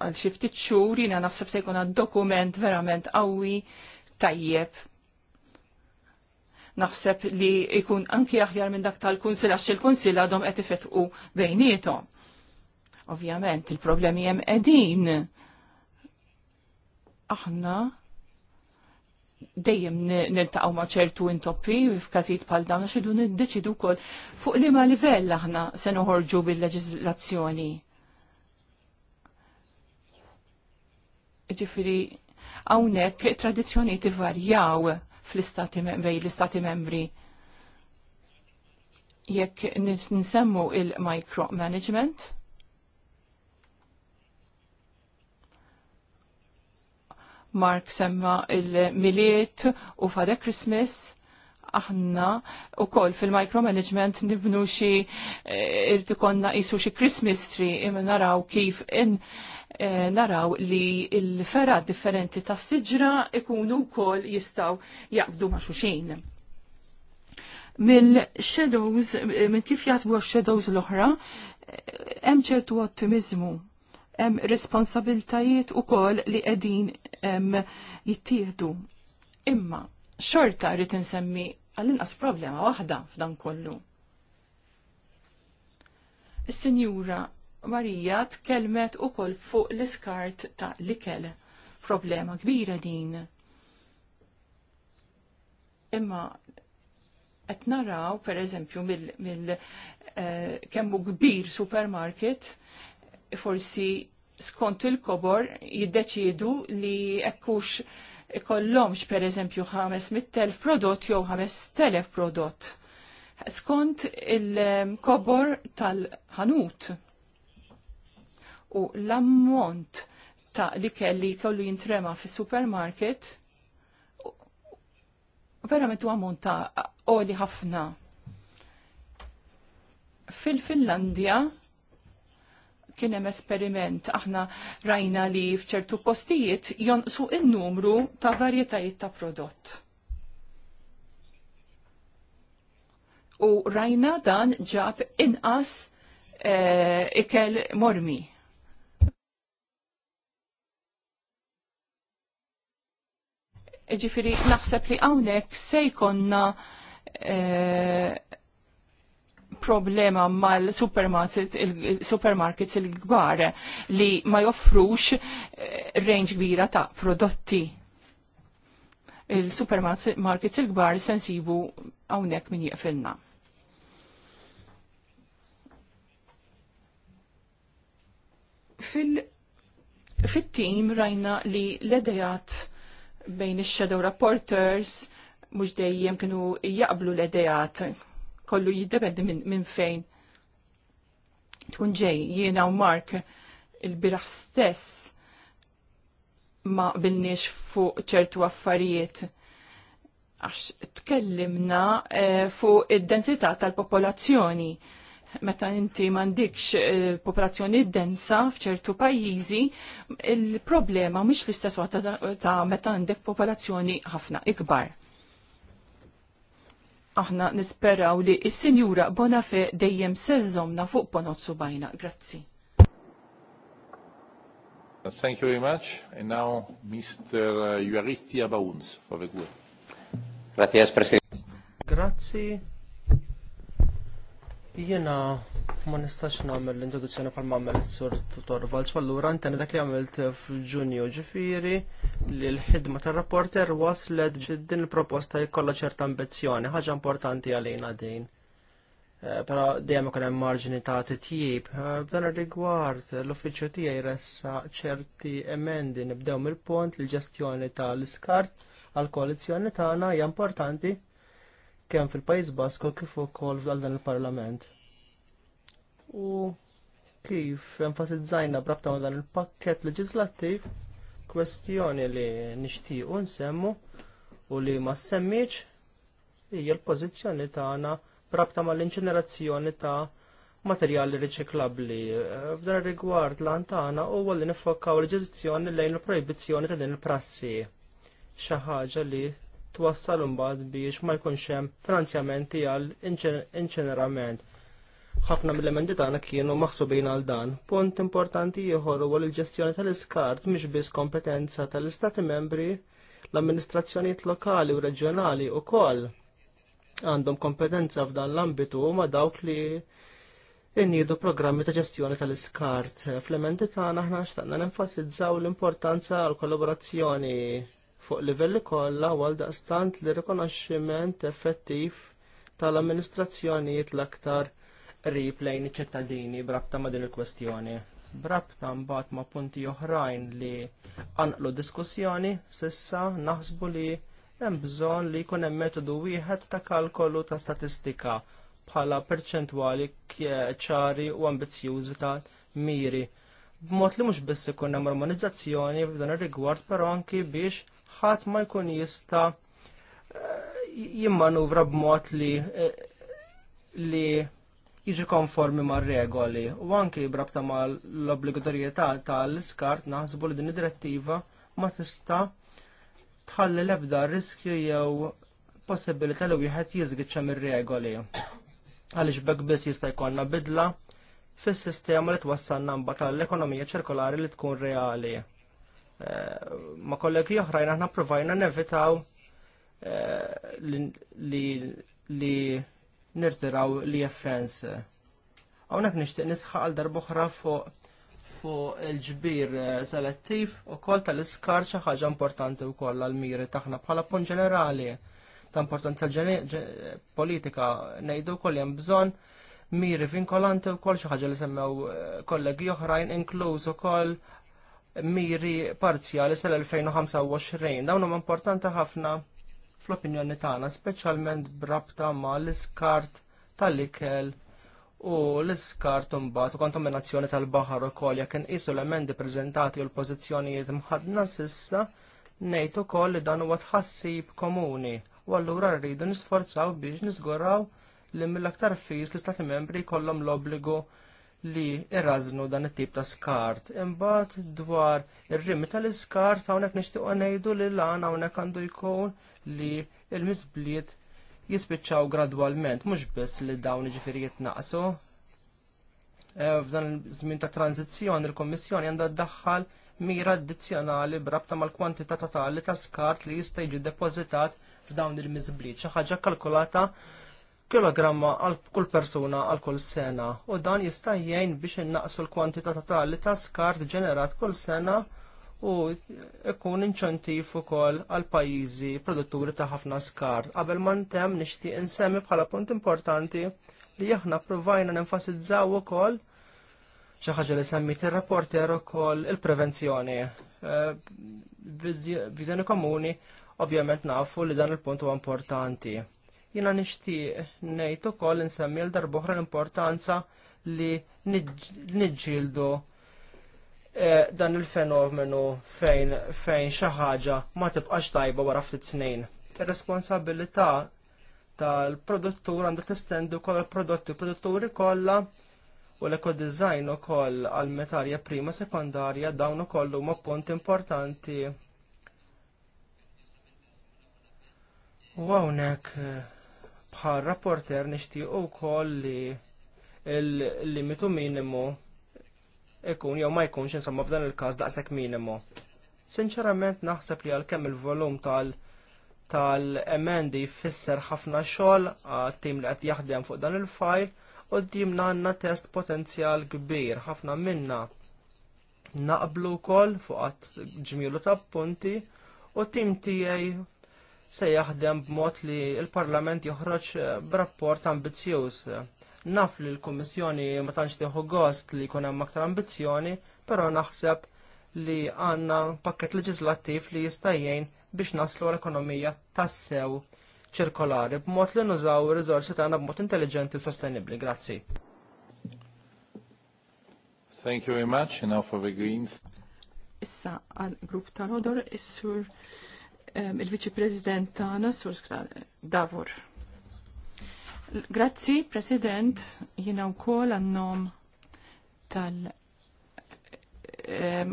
għal xi ftit xhur jiena naħseb se dokument verament qawwi tajjeb. Naħseb li jkun anki aħjar minn dak tal-kunsil għax il-kunsil għadhom qed ifetqu bejnietom. Ovvjament il-problemi hemm qegħdin. Aħna dejjem niltaqgħu ma' ċertu intoppi f'każijiet bħal dawn għax idu niddeċidu wkoll fuq liema livell aħna se noħorġu bil-leġiżlazzjoni. Ġifieri hawnhekk tradizzjonijiet ivarjaw fl-istati bej l-istati membri. Jekk nisemmu il-micromanagement, Mark semma il-miliet u Father Christmas aħna u koll fil-micromanagement nibnu xie eh, irti konna jisu xie Christmas tree imma naraw kif in e, naraw li il-fera differenti ta' siġra ikunu koll jistaw jaqbdu ma' xuxin. Mill-shadows, eh, minn kif jasbu shadows l-oħra, hemm ċertu ottimizmu em, responsabiltajiet u kol li edin em, jittieħdu. Imma, xorta rrit nsemmi għall-inqas problema waħda f'dan kollu. Is-Sinjura Marija tkellmet u fuq l-iskart ta' likel. Problema kbira din. Imma qed naraw pereżempju mill mil, uh, eh, kemmu kbir supermarket forsi skont il-kobor jiddeċidu li ekkux kollomx per eżempju 500.000 prodott jew 5.000 prodott. Skont il-kobor tal-ħanut u l-ammont ta' li kelli kollu jintrema fis supermarket verament u ammont ta' oli ħafna. Fil-Finlandja Kien hemm esperiment aħna rajna li f'ċertu postijiet jonqsu in-numru ta' varjetajiet ta' prodott. U rajna dan ġab inqas eh, ikel mormi. ġifiri naħseb li għawnek se jkonna eh, problema mal-supermarkets il-supermarkets il-kbar li ma joffrux eh, range kbira ta' prodotti. Il-supermarkets il-kbar sensibu hawnhekk min jieqfilna. Fil- fit-tim rajna li l-edejat bejn ix-shadow rapporters mhux dejjem kienu jaqblu l-edejat kollu jiddependi minn min fejn. Tkun ġej, jiena u Mark il-biraħ stess ma qbilniex fuq ċertu affarijiet għax tkellimna eh, fuq id-densità tal-popolazzjoni. Meta inti m'għandikx eh, popolazzjoni densa f'ċertu pajjiżi, il-problema mhix l-istess ta' meta għandek popolazzjoni ħafna ikbar aħna nisperaw li il-Sinjura Bonafè dejjem sezzomna fuq ponozzu bajna. Grazzi. Thank you very much. And now Mr. Uh, Juaristi Abauns for the good. Grazie, Presidente. Grazie. Jena Ma nistax nagħmel l-introduzzjoni bħal ma Sur sur Torvalds, allura intani dak li għamilt f'Ġunju ġifieri li l-ħidma tar-rapporter waslet din il-proposta jkollha ċerta ambizzjoni, ħaġa importanti għalina din. Eh, però dejjem ikun hemm marġini ta' titjib. bdan eh, rigward l-uffiċċju tiegħi ressa ċerti emendi nibdew mill-pont li ġestjoni tal-iskart għall-koalizzjoni tagħna hija importanti kemm fil-Pajjiż Basku kif ukoll f'dan il-Parlament u kif enfasizzajna brabta ma' dan il-pakket leġislattiv kwestjoni li nixtiequ nsemmu u li ma semmiċ hija l-pożizzjoni tagħna brabta mal-inċinerazzjoni ta' materjali riċiklabli. F'dan rigward lan tagħna huwa li nifokkaw l-ġeżizzjoni lejn il-projbizzjoni ta' din il-prassi. Xi ħaġa li twassal mbagħad biex ma jkunx hemm finanzjamenti għal inċenerament ħafna mill-emendi tagħna kienu maħsubin għal dan. Punt importanti ieħor huwa l-ġestjoni tal-iskart mhix biss kompetenza tal-Istati membri l-amministrazzjonijiet lokali u reġjonali wkoll għandhom kompetenza f'dan l-ambitu ma dawk li jnidu programmi ta' ġestjoni tal-iskart. Fl-emendi tagħna aħna xtaqna nenfasizzaw l-importanza għal kollaborazzjoni fuq livelli kollha għal daqstant li rikonoxximent effettiv tal-amministrazzjonijiet l-aktar riplejn iċ-ċittadini brabta ma' din il-kwestjoni. Brabta mbagħad ma' punti oħrajn li anqlu diskussjoni sissa naħsbu li hemm bżonn li jkun hemm metodu wieħed ta' kalkolu ta' statistika bħala perċentwali ċari u ambizzjużi ta' miri. B'mod li mhux biss ikun hemm armonizzazzjoni f'dan ir-rigward però anki biex ħadd ma jkun jista' eh, jimmanuvra b'mod li eh, li jiġi konformi mar regoli u anki brabta ma l-obbligatorjetà tal-iskart naħsbu li din id-direttiva ma tista tħalli l-ebda riskju jew possibilità li wieħed jiżgiċċa mir-regoli. Għaliex bekk biss jista' jkollna bidla fis-sistema li twassalna mbagħad tal-ekonomija ċirkolari li tkun reali. Eh, ma kollegi oħrajn aħna provajna nevitaw eh, li nirtiraw li jaffens. Hawnhekk nixtieq nisħaq għal darboħra fuq fu il-ġbir eh, selettiv u kol tal-iskar xi ħaġa importanti wkoll għall-miri taħna bħala punt ġenerali ta' importanza politika ngħidu wkoll hemm bżonn miri vinkolanti wkoll xi ħaġa li semmew eh, kollegi oħrajn inkluż ukoll miri parzjali sal-2025. Dawn huma importanti ħafna fl-opinjoni tagħna, speċjalment brabta mal iskart tal-ikel u l-iskart imbagħad u kontaminazzjoni tal-baħar ukoll jekk inqisu l-emendi preżentati u l-pożizzjonijiet mħadna s'issa ngħid ukoll li dan huwa tħassib komuni u allura rridu nisforzaw biex nisguraw li mill-aktar fis l-Istati membri jkollhom l-obbligu li irrażnu dan it-tip ta' skart. Imbagħad dwar ir-rimi tal-iskart hawnhekk nixtiequ ngħidu li lan hawnhekk għandu jkun li l-misbliet jispiċċaw gradwalment, mhux biss li dawn jiġifieri jitnaqsu. E, f'dan iż-żmien ta' tranzizzjoni il-Kommissjoni għandha ddaħħal mira addizzjonali brabta mal-kwantità totali ta' skart li jista' jiġi depożitat f'dawn il-miżbliet. Xi ħaġa kalkulata kilogramma għal kull persuna għal kull sena u dan jista' jgħin biex innaqsu l-kwantità totali ta' skart ġenerat kull sena u ikun inċentiv ukoll għal pajjiżi produtturi ta' ħafna skart. Qabel ma ntemm nixtieq insemmi bħala punt importanti li aħna provajna nenfasizzaw ukoll xi ħaġa li semmit ir-rapporter ukoll il-prevenzjoni. Eh, viżjoni komuni ovvjament nafu li dan il-punt huwa importanti Jiena nixtieq ngħid ukoll insemmi l darbohra l-importanza li niġġieldu eh, dan il-fenomenu fejn fejn xi ħaġa ma tibqax tajba wara ftit snin. Ir-responsabilità tal-produttur għandu testendi kol il-prodotti produtturi kollha u l-ekodizajn kol għal metarja prima sekondarja dawn ukoll huma punt importanti. U hawnhekk eh, bħal rapporter u kol li il-limitu minimu ikun jew ma jkunx insomma f'dan il-każ daqshekk minimu. Sinċerament naħseb li għalkemm il-volum tal- tal-emendi jfisser ħafna xogħol għat-tim li qed jaħdem fuq dan il file u d-dimna għandna test potenzjal kbir ħafna minna naqblu wkoll fuq ġmielu ta' punti u tim tiegħi se jaħdem b'mod li l-Parlament joħroġ eh, b'rapport ambizzjuż. Naf li l-Kummissjoni ma tantx tieħu gost li jkun hemm aktar ambizzjoni, però naħseb li għandna pakket leġislattiv li jista' jgħin biex naslu l-ekonomija tassew ċirkolari b'mod li nużaw ir-riżorsi tagħna b'mod intelligenti u sostenibbli. Grazzi. Thank you very much. And now for the Greens. Issa għal grupp tal-ħodor is-sur Um, il-Viċi President tagħna Sur Davor. Grazzi, President, jiena wkoll għannom tal um,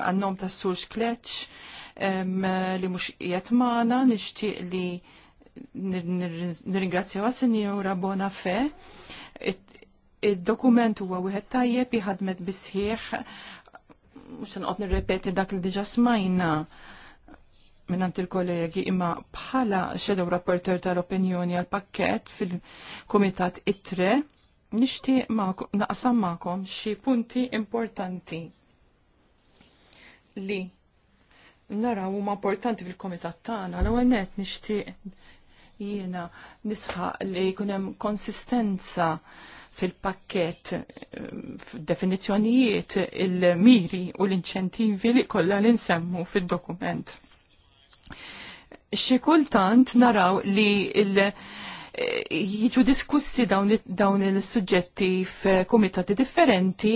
għannom tas Sur Kleċ um, li mhux qiegħed magħna nixtieq li nirringrazzjaw għas-Sinjura Bonafè il-dokument huwa wieħed tajjeb iħadmet bisħieħ mhux se noqgħod nirrepeti dak li diġà smajna minnant il-kollegi imma bħala shadow rapporter tal-opinjoni għal pakket fil-komitat ITRE nishti naqsam ma'kom xi punti importanti li naraw huma importanti fil-komitat tagħna l ewwel nixtieq jiena nisħaq li jkun hemm konsistenza fil-pakket f'definizzjonijiet il-miri u l-inċentivi li kollha li nsemmu fil dokument Xi kultant naraw li il- eh, jiġu diskussi dawn il-sujġetti f'kumitati differenti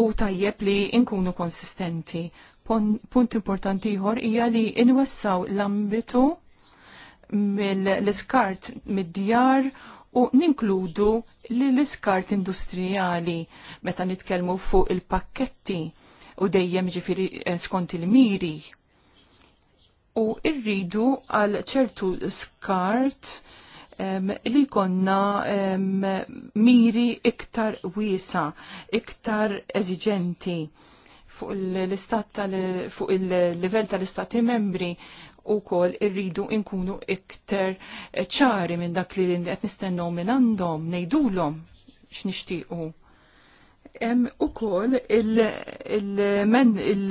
u tajjeb li nkunu konsistenti. Punt importanti ieħor hija li inwessaw l-ambitu mill-iskart mid-djar u ninkludu li l-iskart industrijali meta nitkellmu fuq il-pakketti u dejjem ġifiri eh, skont il-miri u irridu għal ċertu skart um, li konna um, miri iktar wiesa, iktar eżigenti fuq l-istat fuq il-livell tal-istati membri u kol irridu inkunu iktar ċari minn dak li qed nistennu minn għandhom ngħidulhom x'nixtiequ hemm ukoll il-biowaste, il men il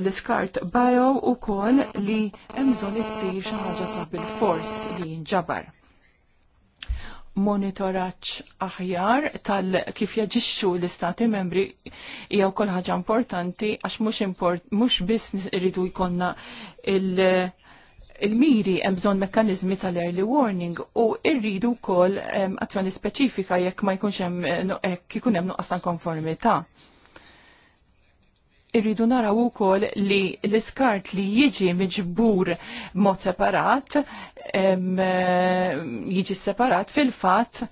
l iskart bio ukoll li hemm bżonn issir xi ħaġa ta' bil-fors li jinġabar. Monitoraġġ aħjar tal kif jaġixxu l-istati membri hija wkoll ħaġa importanti għax mhux import mhux biss iridu jkollna il- il-miri hemm bżonn mekkaniżmi tal-early warning u rridu wkoll attwali speċifika jekk ma jkunx hemm eh, eh, jekk ikun hemm nuqqas ta' konformità. Irridu naraw ukoll li l-iskart li jiġi miġbur mod separat eh, jiġi separat fil-fatt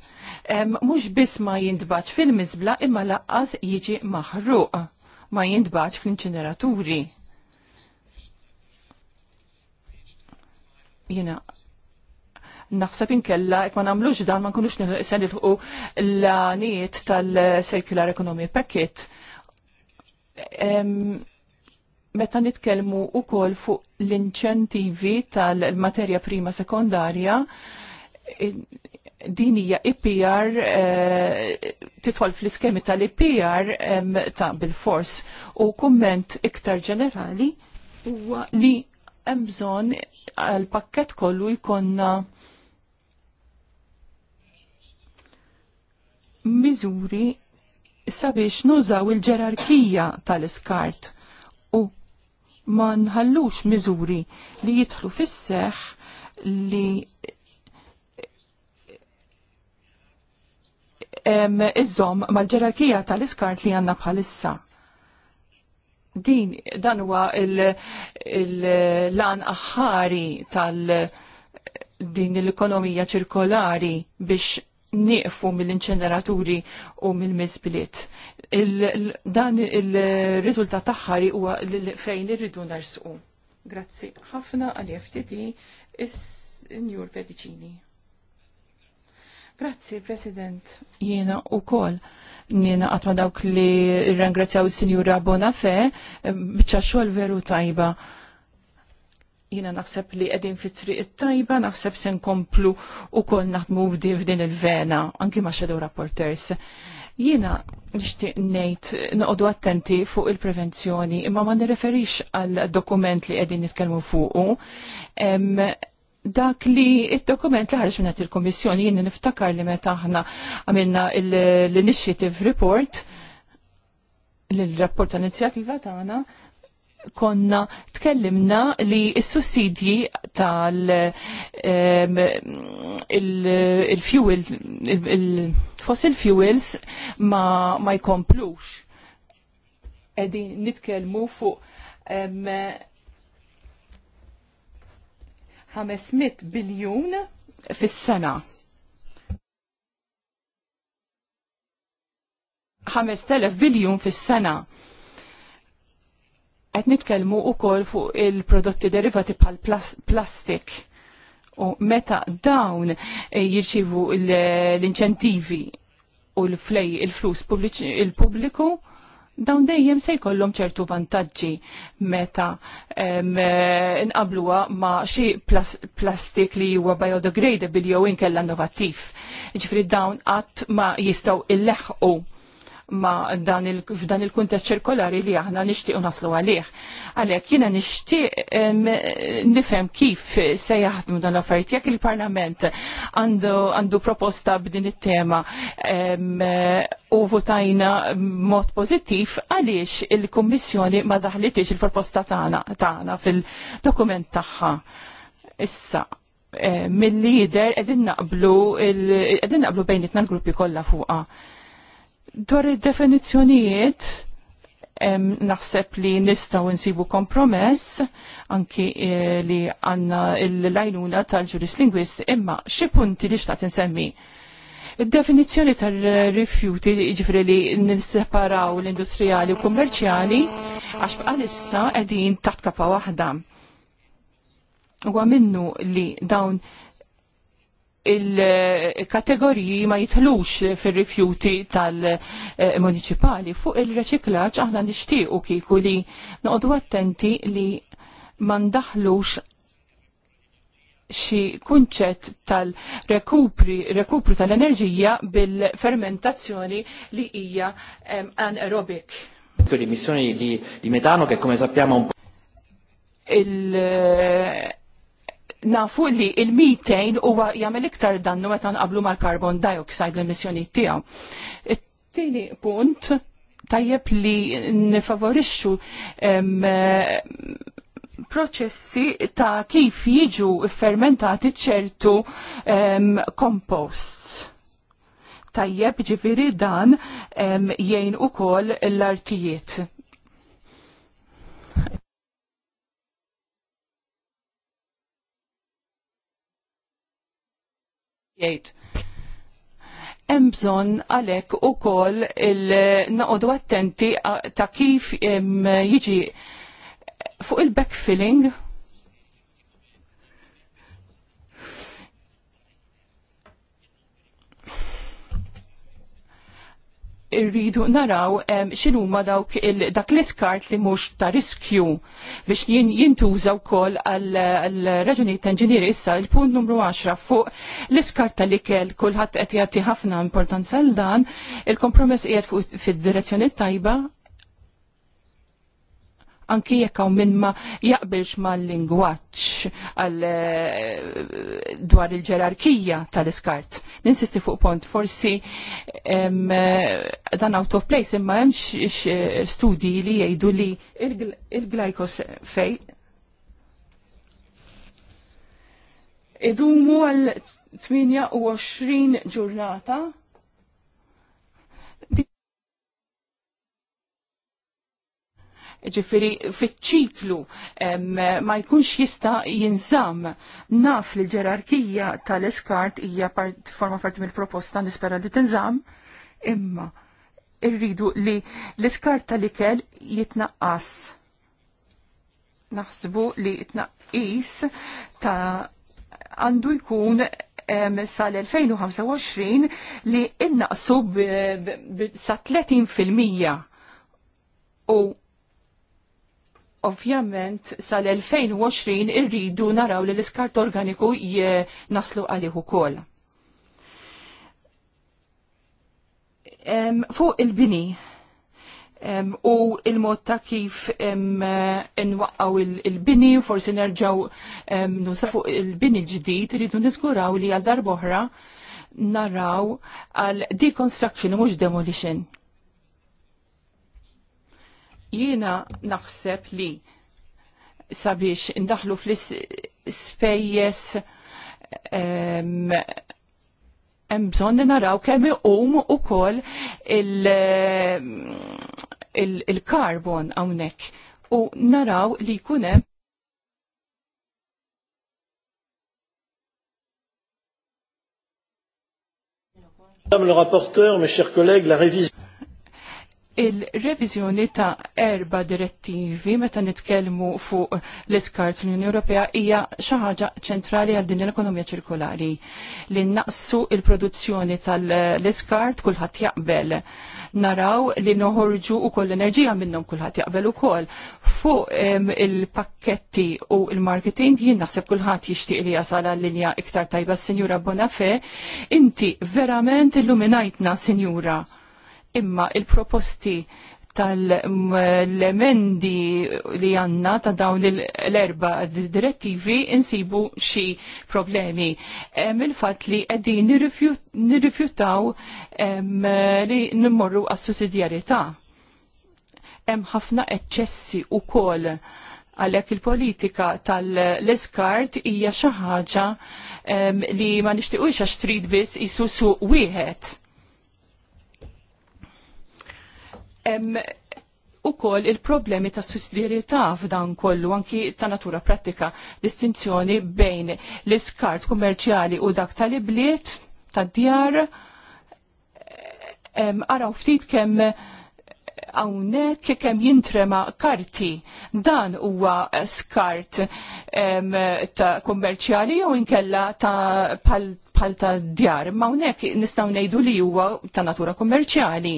mhux biss ma jindbaċ fil-miżbla imma laqqas jiġi maħruq ma jindbaċ fl-inċineraturi jina, naħseb inkella jekk ma nagħmlux dan ma nkunux se ħu l-għaniet tal-Circular Economy Packet. Meta nitkellmu wkoll fuq l-inċentivi tal-materja prima sekondarja, din hija IPR eh, titħol fl-iskemi tal-IPR ta' bil-fors u kumment iktar ġenerali huwa li hemm bżonn għall-pakkett kollu jkollna miżuri sabiex nużaw il-ġerarkija tal-iskart u ma nħallux miżuri li jidħlu fis-seħ li iżom mal-ġerarkija tal-iskart li għanna bħalissa din dan huwa il-lan il aħħari tal din l-ekonomija ċirkolari biex nieqfu mill-inċeneraturi u mill-mizbliet. dan il-riżultat taħħari huwa fejn irridu narsqu. Grazzi ħafna għal FTD is-Njur Pedicini. Grazzi, President. Jiena u kol. Jiena għatma dawk li ringrazzjaw il-Sinjura Bonafè, eh, bċa xol veru tajba. Jiena naħseb li għedin fitri it-tajba, naħseb sen komplu u kol naħdmu f'din il-vena, anki ma xedu rapporters. Jiena nishtiq nejt noqdu attenti fuq il-prevenzjoni, imma ma nireferix għal dokument li għedin nitkelmu fuqu dak li il-dokument li ħarġ għat il-Komissjoni jien niftakar li meta aħna għamilna l-initiative report l-rapport ta' inizjattiva tagħna konna tkellimna li s-sussidji tal il-fuel il-fossil fuels ma, ma jkomplux. Edi nitkellmu fuq 500 biljun fis-sena. 5000 biljun fis-sena. Qed nitkellmu wkoll fuq il-prodotti derivati bħal plastik u meta dawn jirċivu l-inċentivi u l-flej il-flus il-pubbliku il flus il pubbliku il pubbliku dawn dejjem se jkollhom ċertu vantaġġi meta eh, nqabluha ma' xi plastik li huwa biodegradable jew inkella innovattiv. Ġifri dawn qatt ma jistgħu illeħqu ma dan il, f'dan il-kuntest ċirkolari li aħna nixtiequ naslu għalih. Għalhekk jiena nixtieq nifhem kif se jaħdmu dan l-affarijiet jekk il-Parlament għandu proposta b'din it-tema u votajna mod pożittiv għaliex il-Kummissjoni ma daħlitix il-proposta tagħna fil-dokument tagħha. Issa, mill-lider edin naqblu edin naqblu l-gruppi kollha fuqa Dwar id-definizzjonijiet naħseb li nistaw nsibu kompromess anki eh, li għanna l-lajnuna tal-ġurislingwis imma xi punti li xtaqt insemmi. il definizzjoni tal-rifjuti ġifri li nisseparaw l-industrijali u kummerċjali għax bqalissa qegħdin taħt kapa waħda. Huwa minnu li dawn il-kategoriji ma jitħlux fil-rifjuti tal-municipali fuq il-reċiklaċ aħna nishtiqu kiku li noqdu attenti li ma ndaħlux xi kunċett tal-rekupru tal-enerġija bil-fermentazzjoni li hija anaerobic. L'emissione di, di metano che come sappiamo un po' il eh, nafu li il mitejn huwa jagħmel iktar dannu meta nqablu mal-carbon dioxide l-emissjoni tiegħu. It-tieni punt tajjeb li nifavorixxu proċessi ta' kif jiġu fermentati ċertu composts. Tajjeb ġifiri dan jgħin ukoll l-artijiet jgħid. Hemm bżonn għalhekk ukoll il-noqogħdu attenti ta' kif jiġi fuq il-backfilling irridu naraw xinuma dawk dak l-iskart li mhux ta' riskju biex jintuża wkoll għal raġunijiet ta' inġinieri issa il-punt numru 10 fuq l-iskart tal-ikel kulħadd qed jagħti ħafna importanza l dan il-kompromess qiegħed fuq fid-direzzjoni tajba anki jekk hawn minn ma jaqbilx mal-lingwaġġ għal eh, dwar il-ġerarkija tal-iskart. Ninsisti fuq pont, forsi eh, dan out of place imma hemmx studji li jgħidu li il-glajkos fej idumu għal 28 ġurnata ġifiri fitċiklu ċiklu ma jkunx jista jinżam. Naf li ġerarkija tal-iskart hija part, forma parti mill-proposta nispera li tinżam, imma irridu li l eskart tal-ikel jitnaqqas. Naħsbu li jitnaqqis ta' għandu jkun sal-2025 li innaqsu sa' 30% u Ovvjament sal-2020 irridu naraw li l-iskart organiku naslu għalih ukoll. Fuq il-bini u il-mod ta' kif nwaqqaw il-bini u forsi nerġaw nusa fuq il-bini ġdid irridu niżguraw li għal darboħra naraw għal deconstruction mhux demolition Jiena naħseb li sabiex indaħlu fl-spejjes hemm bżonn naraw kemm iqum ukoll il-karbon hawnhekk u naraw li jkun hemm Madame le rapporteur, mes chers collègues, la révision il-reviżjoni ta' erba direttivi meta nitkellmu fuq l-iskart l-Unjoni Ewropea hija xi ħaġa ċentrali għal din l-ekonomija ċirkolari li naqsu il-produzzjoni tal-iskart kulħadd jaqbel. Naraw li noħorġu ukoll l-enerġija minnhom kulħadd jaqbel ukoll fuq il-pakketti u il-marketing jien naħseb kulħadd jixtieq li jasal għal-linja iktar tajba, Sinjura Bonafè, inti verament illuminajtna, Sinjura imma il-proposti tal-emendi li għanna ta' dawn l-erba direttivi insibu xi problemi. Il-fat li għeddi nirrifjutaw li nimmorru għas sussidjarità Hemm ħafna eċċessi u kol għalek il-politika tal-leskart hija xi ħaġa li ma nixtiqux għax trid biss jisusu suq wieħed u koll il-problemi ta' sussidjerietà f'dan kollu, anki ta' natura pratika, distinzjoni bejn l-iskart kummerċjali u dak tal-ibliet, tad djar, għaraw ftit kemm għawnek kem jintrema karti. Dan huwa skart em, ta' kummerċjali jew inkella ta' pal, pal ta' djar. Ma' għawnek nistaw nejdu li huwa ta' natura kummerċjali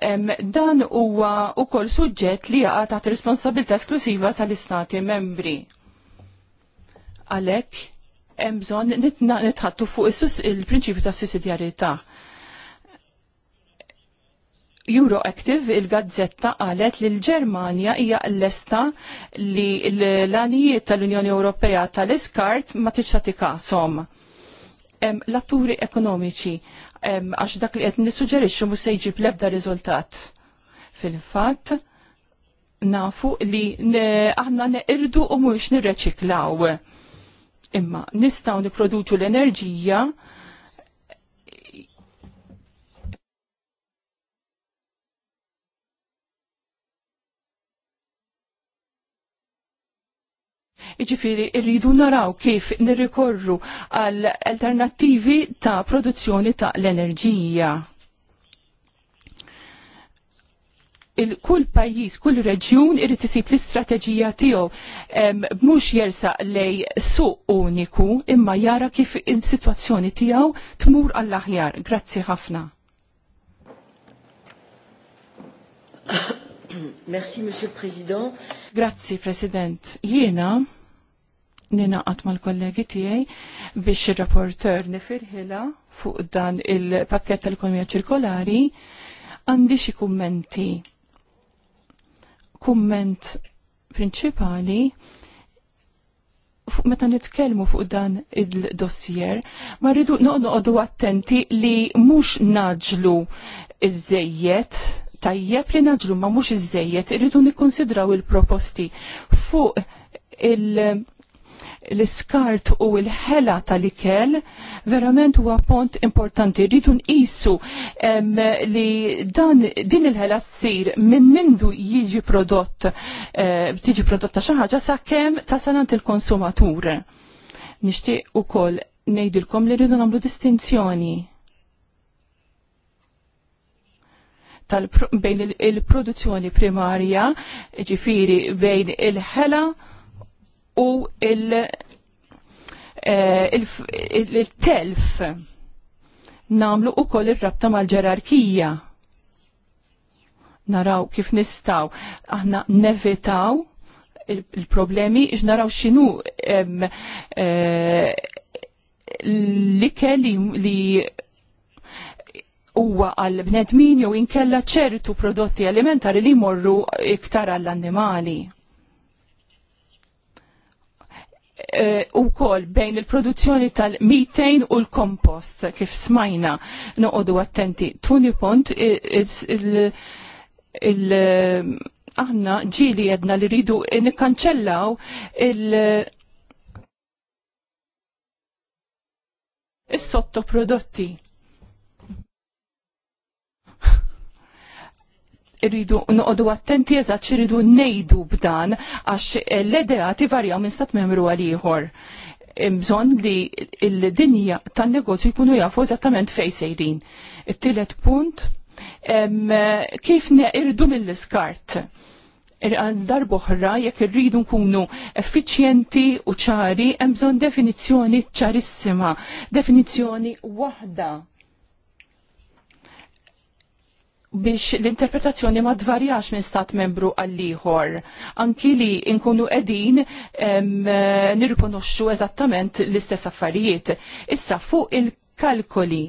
dan huwa ukoll suġġett li jaqa' taħt responsabilità esklusiva tal-istati membri. Għalhekk hemm bżonn nitħattu fuq il-prinċipju ta' sussidjarjetà Euroactive il-gazzetta qalet li l-Ġermanja hija l-lesta li l-għanijiet tal-Unjoni Ewropea tal-iskart ma tiċċati kasom l-atturi ekonomiċi għax dak li qed nissuġġerixxu mhux se jġib l-ebda riżultat. Fil-fatt, nafu li aħna neqirdu u mhux nirreċiklaw. Imma nistgħu nipproduċu l-enerġija Iġifiri, irridu naraw kif nirrikorru għal alternativi ta' produzzjoni ta' l-enerġija. il-kull pajjiż, kull reġjun irid isib l-istrateġija tiegħu mhux jersaq lej suq uniku imma jara kif is-sitwazzjoni tiegħu tmur għall aħjar Grazzi ħafna. Merci, Monsieur le Président. Grazzi, President. Jiena ninaqat mal-kollegi tiegħi biex ir-rapporter nifirħila fuq dan il-pakket tal-ekonomija ċirkolari għandi xi kummenti. Kumment prinċipali meta nitkellmu fuq dan il-dossier, ma rridu noqogħdu attenti li mhux naġlu iż-żejjed tajjeb li naġlu ma mhux iż-żejjed, irridu nikkonsidraw il-proposti fuq il-, -proposti, il l-iskart u l-ħela tal-ikel verament huwa pont importanti. Rridu nqisu li dan din il-ħela s-sir minn mindu jiġi prodott eh, tiġi prodotta xi ħaġa sakemm sanant il-konsumatur. Nixtieq ukoll ngħidilkom li rridu nagħmlu distinzjoni tal bejn il-produzzjoni primarja, ġifiri bejn il-ħela, il ħela u il-telf eh, namlu u koll il-rabta mal-ġerarkija. Naraw kif nistaw, aħna nevitaw il-problemi, iġ naraw xinu eh, li kelli li huwa għal bnedmin jew inkella ċertu prodotti alimentari li morru iktar għall-annimali. Eh, u kol bejn il-produzzjoni tal-methane u l-kompost kif smajna noqodu attenti. Tuni pont il- aħna ġili jedna li ridu nikkanċellaw il- sotto sottoprodotti irridu noqogħdu attenti eżatt x'iridu ngħidu b'dan għax l-idea tivarja minn stat membru għal ieħor. Bżonn li l-dinja tan-negozju jkunu jafu eżattament fejn sejrin. It-tielet punt kif irridu mill-iskart oħra jekk irridu nkunu effiċjenti u ċari, hemm bżonn definizzjoni ċarissima, definizzjoni waħda biex l-interpretazzjoni ma dvarjax minn stat membru għall-ieħor. Anki li nkunu qegħdin nirkonoxxu eżattament l-istess affarijiet. Issa fuq il-kalkoli.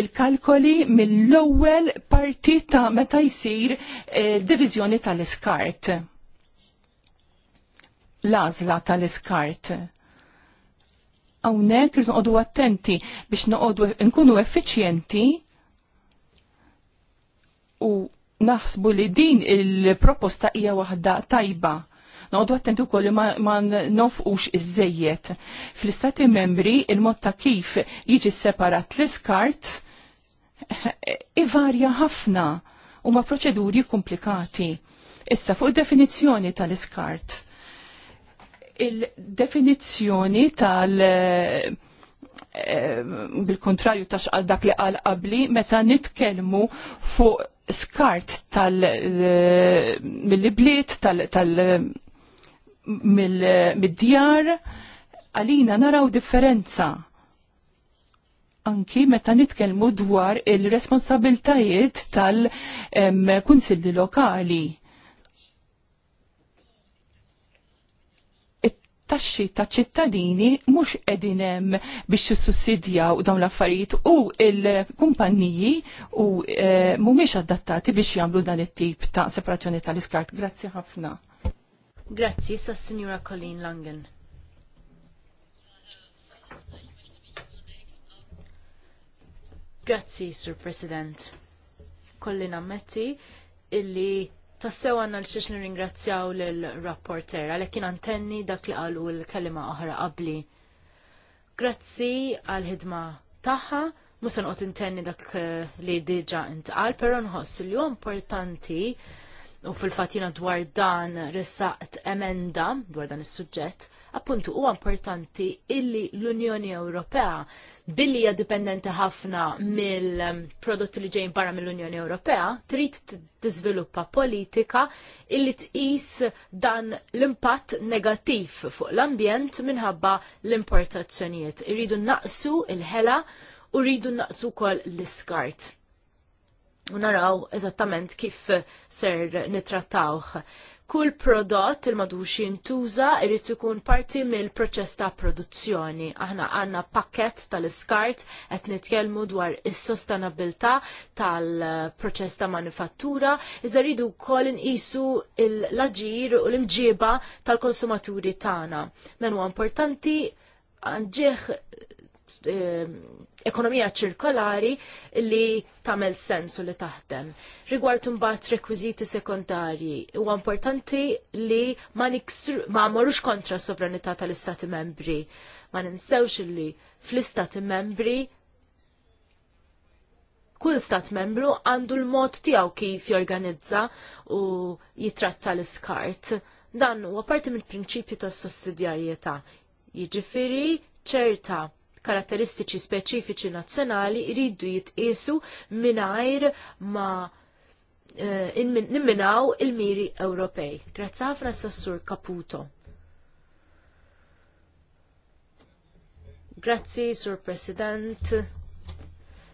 Il-kalkoli mill-ewwel parti ta' meta jsir eh, diviżjoni tal-iskart. L-għażla tal-iskart Hawnhekk li noqogħdu attenti biex noqogħdu nkunu effiċjenti u naħsbu li din il-proposta hija waħda tajba. Noqogħdu attenti wkoll li ma, ma nofqux iż Fl-istati membri il-mod ta' kif jiġi separat l-iskart ivarja ħafna u ma' proċeduri komplikati. Issa fuq definizzjoni tal-iskart il-definizzjoni tal- eh, eh, bil-kontrarju ta' dak li qal qabli meta nitkellmu fuq skart tal eh, mill ibliet tal mill-djar għalina naraw differenza anki meta nitkellmu dwar il-responsabiltajiet tal-kunsilli lokali taxxi ta' ċittadini mhux qegħdin hemm biex jissussidjaw dawn l-affarijiet u l-kumpanniji u eh, mhumiex adattati biex jagħmlu dan it-tip ta' separazzjoni tal-iskart. Grazzi ħafna. Grazzi sa' Signora Colleen Langen. Grazzi, Sur President. Kolli nammetti illi Tassew għanna l-xiex nir-ingrazzjaw l-rapporter, għalek kien antenni dak li għalu l-kelima oħra qabli. Grazzi għal-ħidma taħħa, musan qot intenni dak eh, li diġa intqal, pero nħoss li importanti u fil-fatina dwar dan ressaqt emenda dwar dan is-suġġett, appuntu huwa importanti illi l-Unjoni Ewropea billi hija dipendenti ħafna mill-prodotti li ġejn barra mill-Unjoni Ewropea trid tiżviluppa politika illi tqis dan l-impatt negattiv fuq l-ambjent minħabba l-importazzjonijiet. Irridu naqsu il-ħela u rridu naqsu kol l-iskart naraw eżattament kif ser nitrattawh. Kull prodott il-madux jintuża irrid ikun parti mill-proċess ta' produzzjoni. Aħna għandna pakket tal-iskart qed nitkellmu dwar is-sostenabilità tal-proċess ta' manifattura, iżda rridu wkoll inqisu l-aġir u l-imġiba tal-konsumaturi tagħna. Dan huwa importanti ġieħ Eh, ekonomija ċirkolari li tamel sensu li taħdem. Rigward imbagħad rekwiżiti sekundarji, huwa importanti li ma niksru ma morux kontra s-sovranità tal-Istati membri. Ma ninsewx li fl-Istati membri kull stat membru għandu l-mod tiegħu kif jorganizza u jitratta l-iskart. Dan huwa parti mill-prinċipju tas-sussidjarjetà. Jiġifieri ċerta karatteristiċi speċifiċi nazzjonali jridu jitqisu mingħajr ma eh, nimminaw il-miri Ewropej. Grazzi ħafna Sassur Caputo. Grazzi, Sur President.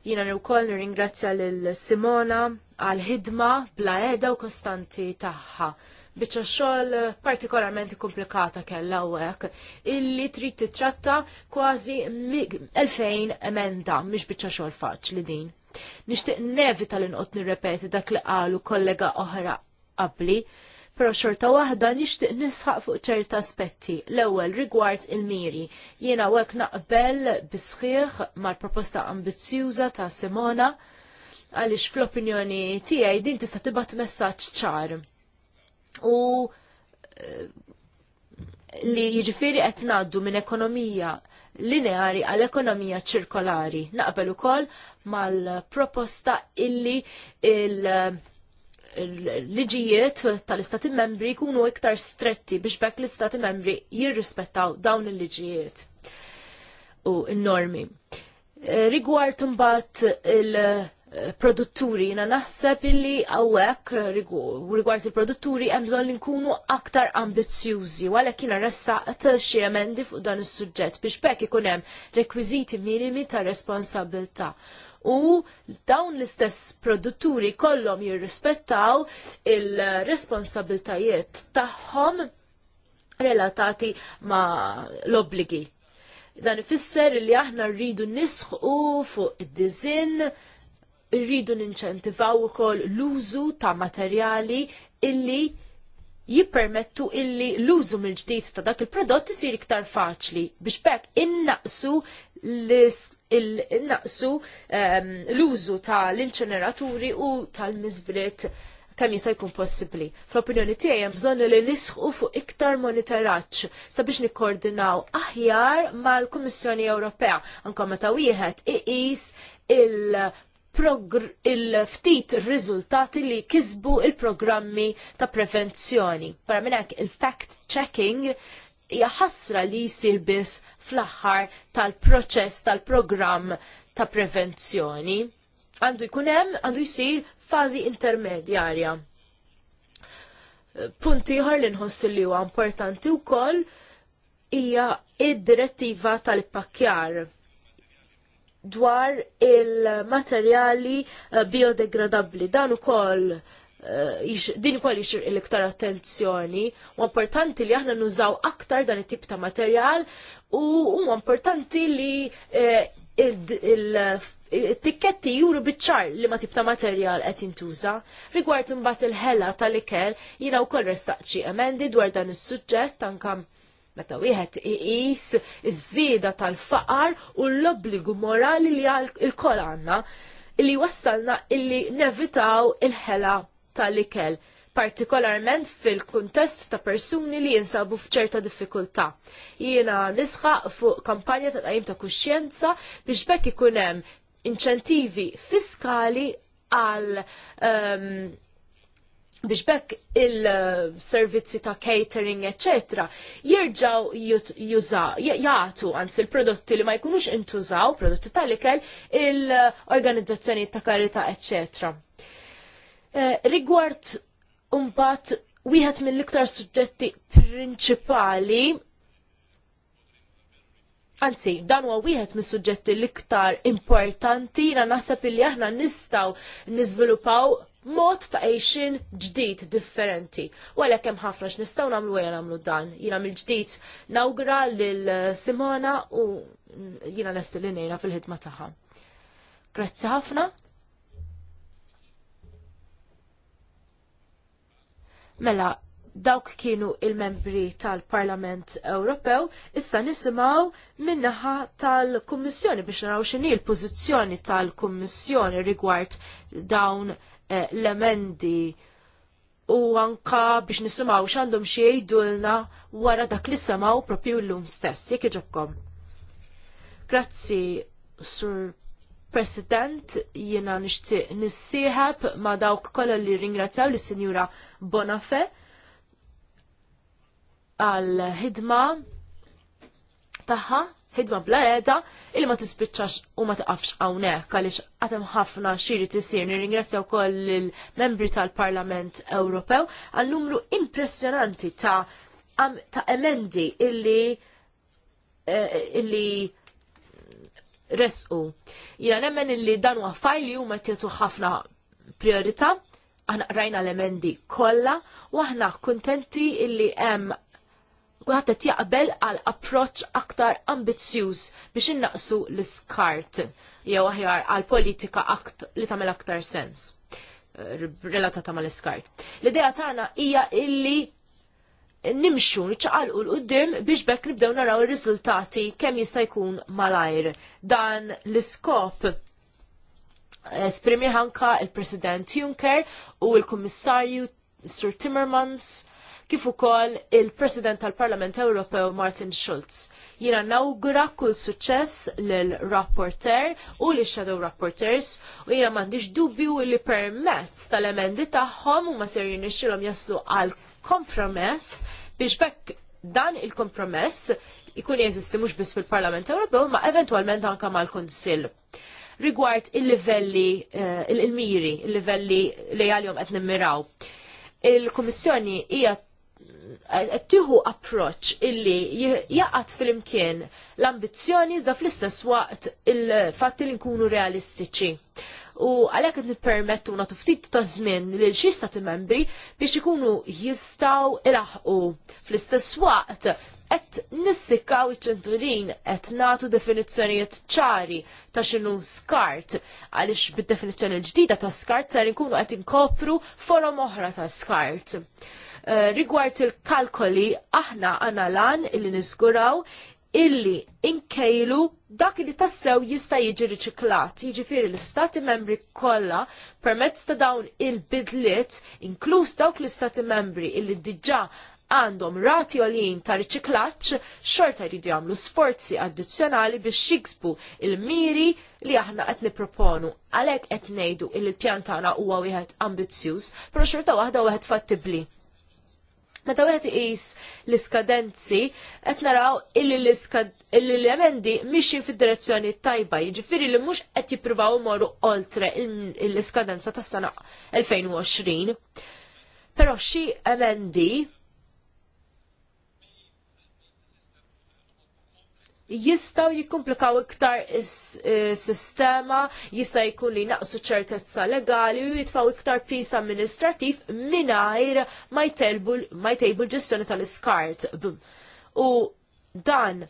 Jina nirkoll nirringrazzja l Simona għal ħidma bla eda u kostanti tagħha biċċa xogħol partikolarment komplikata kellha hekk illi trid titratta kważi 2000 emenda mhix biċċa xogħol faċli din. Nixtieq nevita li nqgħod nirrepeti dak li qalu kollega oħra qabli, però xorta waħda nixtieq nisħaq fuq ċerta aspetti. L-ewwel rigward il-miri. Jiena hekk naqbel bisħieħ mal-proposta ambizjuza ta' Simona għaliex fl-opinjoni tiegħi din tista' tibgħat messaġġ ċar u eh, li jiġifieri qed ngħaddu minn ekonomija lineari għal ekonomija ċirkolari. Naqbel ukoll mal-proposta illi il- liġijiet tal-istati membri jkunu iktar stretti biex bekk l-istati membri jirrispettaw dawn il-liġijiet u n-normi. Eh, rigward imbagħad il- produtturi, jina naħseb illi għawek eh, rigward il-produtturi hemm bżonn li nkunu aktar ambizzjużi, kina jiena t xi emendi fuq dan is-suġġett biex bekk ikun hemm rekwiżiti minimi ta' responsabilità. U dawn l-istess produtturi kollom jirrispettaw il-responsabiltajiet tagħhom relatati ma' l-obligi. Dan ifisser li aħna rridu nisħu fuq id-dizin, irridu ninċentivaw ukoll l-użu ta' materjali illi jippermettu illi l-użu mill-ġdid ta' dak il-prodott isir iktar faċli biex bekk innaqsu innaqsu ehm, l-użu ta' l-inċeneraturi u tal-miżbliet kemm jista' jkun possibbli. Fl-opinjoni tiegħi hemm bżonn li nisħu fuq iktar monitoraġġ sabiex nikkoordinaw aħjar mal-Kummissjoni Ewropea anke meta wieħed iqis il il-ftit riżultati li kisbu il-programmi ta' prevenzjoni. Para minn hekk il-fact checking hija li jsir biss fl-aħħar tal-proċess tal-programm ta' prevenzjoni. Għandu jkun hemm għandu jsir fażi intermedjarja. Punti ieħor li nħossi li huwa importanti wkoll hija id-direttiva tal pakjar dwar il-materjali eh, biodegradabli. Dan ukoll eh, din ukoll jixir il iktar attenzjoni u importanti li aħna nużaw aktar dan it-tip ta' materjal u huwa importanti li eh, il-tikketti juru bitċar li ma tip ta' materjal qed jintuża. Rigward imbagħad il-ħela tal-ikel jiena wkoll ressaqċi emendi dwar dan is-suġġett anke meta wieħed iqis iż-żieda tal-faqar u l-obbligu morali li l-kol għandna li wassalna illi nevitaw il-ħela tal-ikel, partikolarment fil-kuntest ta' persuni li jinsabu f'ċerta diffikultà. Jiena nisħaq fuq kampanja ta' tqajjim ta' kuxjenza biex bekk ikun hemm inċentivi fiskali għal um, biex bekk il-servizzi ta' catering, etc. jirġaw jużaw, jgħatu, għans il-prodotti li ma jkunux intużaw, prodotti tal-ikel, il-organizzazzjoni ta' karita, etc. Eh, rigward umbat, wieħed mill-iktar suġġetti prinċipali Anzi, dan huwa wieħed mis-suġġetti l-iktar importanti na naħseb li aħna nistgħu niżviluppaw mod ta' għejxin ġdid differenti. U għalhekk hemm ħafna x-nistaw namlu ejja nagħmlu dan. Jiena mill-ġdid nawgra lil Simona u jiena nestilinina fil-ħidma tagħha. Grazzi ħafna. Mela, dawk kienu il-membri tal-Parlament Ewropew, issa nisimaw minnaħa tal-Kummissjoni biex naraw xini l-pozizjoni tal-Kummissjoni rigward dawn Eh, l-emendi u anka biex nisimaw xandhom xie jgħidulna wara dak li samaw propju l-lum stess, jek iġobkom. Grazzi, Sur President, jiena nixtieq nissiħab ma dawk kolla li ringrazzjaw lis sinjura Bonafè għal ħidma tagħha ħidma bla edha il ma tispiċċax u ma taqafx hawnhekk għaliex għatem ħafna xiri tisir nirringrazzja wkoll il-membri tal-Parlament Ewropew għal numru impressjonanti ta' ta' emendi illi eh, illi resqu. Jina nemmen illi dan huwa fajli huma tietu ħafna priorità aħna rajna l-emendi kollha u aħna kuntenti illi hemm kulħadd qed jaqbel għal approċċ aktar ambizzjuż biex innaqsu l skart jew aħjar għal politika li tagħmel aktar sens eh, relatata mal iskart L-idea tagħna hija illi nimxu niċċaqalqu l qudiem biex bekk nibdew naraw ir-riżultati kemm jista' jkun malajr. Dan l-iskop esprimi ħanka il-President Juncker u l-Kummissarju Sir Timmermans kif ukoll il-President tal-Parlament Ewropew Martin Schulz. Jiena nawgura kull suċċess lil rapporter u li shadow rapporters u jiena m'għandix dubju li permezz tal-emendi tagħhom huma ser jinixxilhom jaslu għal kompromess biex bekk dan il-kompromess ikun jeżisti mhux biss fil-Parlament Ewropew ma eventwalment anke mal-Kunsill. Rigward il-livelli, eh, il-miri, il-livelli li għal-jom qed nimmiraw. Il-Kummissjoni hija tiħu approċ illi jaqat fil-imkien l-ambizjoni za fl-istess waqt il-fatti li nkunu realistiċi. U għalek n-permettu na ftit ta' żmien li xi stati membri biex ikunu jistaw il-ħu fl-istess waqt qed nissikkaw iċ-ċenturin qed nagħtu definizzjonijiet ċari ta' x'inhu skart għaliex bid-definizzjoni l-ġdida ta' skart ser nkunu qed inkopru forom oħra ta' skart. Eh, rigward il-kalkoli aħna għana lan illi niskuraw illi inkejlu dak li tassew jista' jiġi riċiklat. Jiġifieri l-istati membri kollha permezz ta' dawn il-bidliet, inkluż dawk l-istati membri illi diġà għandhom rati għolin ta' riċiklaċ, xorta jridu jagħmlu sforzi addizzjonali biex jiksbu il-miri li aħna qed nipproponu. Għalhekk qed ngħidu il pjan tagħna huwa wieħed ambizzjuż, però xorta waħda wieħed fattibbli. Meta wieħed iqis l-iskadenzi, qed naraw illi l emendi mixin fid-direzzjoni tajba, jiġifieri li mhux qed jippruvaw imorru oltre l-iskadenza tas-sena 2020. Però xi emendi jistaw jikomplikaw iktar is-sistema, eh, jista' jkun li naqsu ċertezza legali u jitfaw iktar pis amministrativ mingħajr ma jtejbu l-ġestjoni tal-iskart. U dan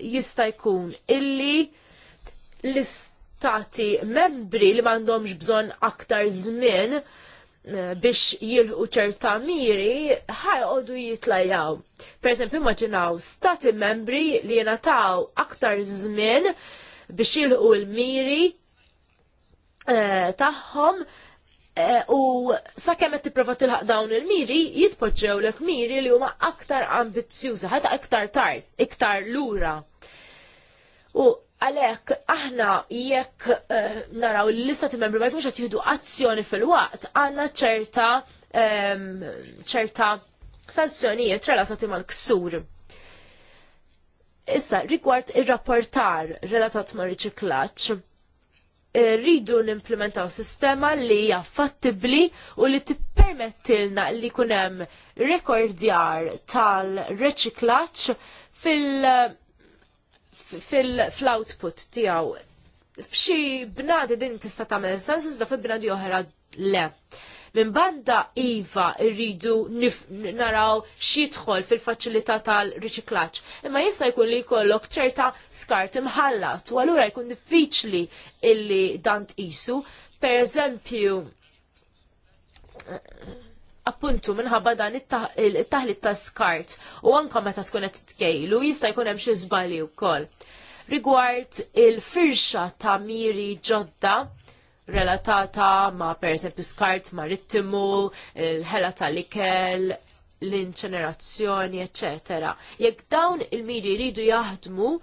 jista' jkun illi l-istati membri li m'għandhomx bżonn aktar żmien biex jilħu ċerta miri ħajqodu jitlajaw. Per esempio, immaġinaw stati membri li jenataw aktar żmien biex jilħu l-miri taħħom eh, tagħhom eh, u sakemm qed tipprova tilħaq dawn il-miri jitpoġġew lek miri li huma aktar ambizzjuża, ħata aktar tard, iktar lura. U Għalek, aħna jekk eh, naraw l-istati membri ma jkunx qed jieħdu azzjoni fil-waqt, għandna ċerta ehm, ċerta sanzjonijiet relatati mal-ksur. Issa, rigward ir-rapportar relatat ma' riċiklaċ, eh, rridu nimplementaw sistema li hija fattibbli u li tippermettilna li kunem rekordjar tal-reċiklaċ fil- fil-output tiegħu. F'xi bnadi din tista' tagħmel sens iżda fi bnadi oħra le. Minn banda Iva rridu naraw xidħol fil-faċilità tal-riċiklaġġ. Imma jista' jkun li jkollok ċerta skart imħallat u allura jkun diffiċli illi dan tqisu. Per eżempju, appuntu minħabba dan it-taħlit ta' skart u anka meta tkun qed titkejlu jista' jkun hemm xi żbali wkoll. Rigward il-firxa ta' miri ġodda relatata ma' pereżempju skart rittimu, il-ħela tal-ikel, l-inċenerazzjoni, eccetera. Jekk dawn il-miri jridu jaħdmu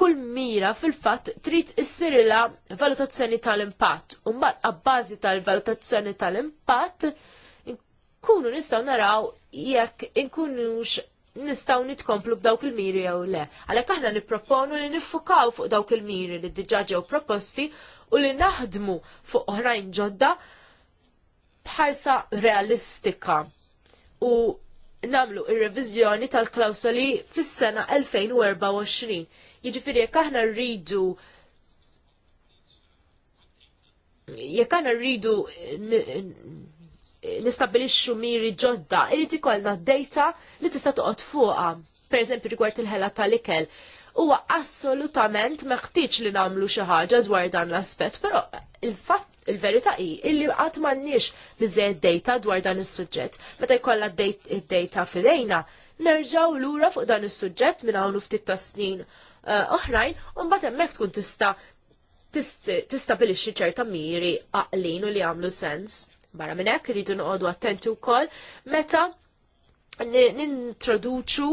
kull mira fil-fatt trid issirilha valutazzjoni tal-impatt. u mbagħad abbażi tal-valutazzjoni tal-impatt nkunu nistgħu naraw jekk inkunux nistaw nitkomplu b'dawk il-miri jew le. Għalhekk aħna nipproponu li niffukaw fuq dawk il-miri li diġà ġew proposti u li naħdmu fuq oħrajn ġodda bħalsa realistika u namlu ir-reviżjoni tal-klawsoli fis-sena 2024. Jiġifieri jekk aħna rridu jekk aħna rridu nistabilixxu miri ġodda, irid ikollna data li tista' toqgħod fuqha, pereżempju rigward il-ħela tal-ikel. Huwa assolutament meħtieġ li nagħmlu xi ħaġa dwar dan l-aspett, però il-fatt il-verità hi illi qatt m'għandniex biżejjed data dwar dan is-suġġett. Meta jkollha data fidejna, nerġgħu lura fuq dan is-suġġett minn hawn ftit ta' snin Eh, oħrajn, u mbagħad hemmhekk tkun tista' tistabilixxi ċerta miri għaqlin u li għamlu sens. Barra minn hekk irridu noqogħdu attenti wkoll meta nintroduċu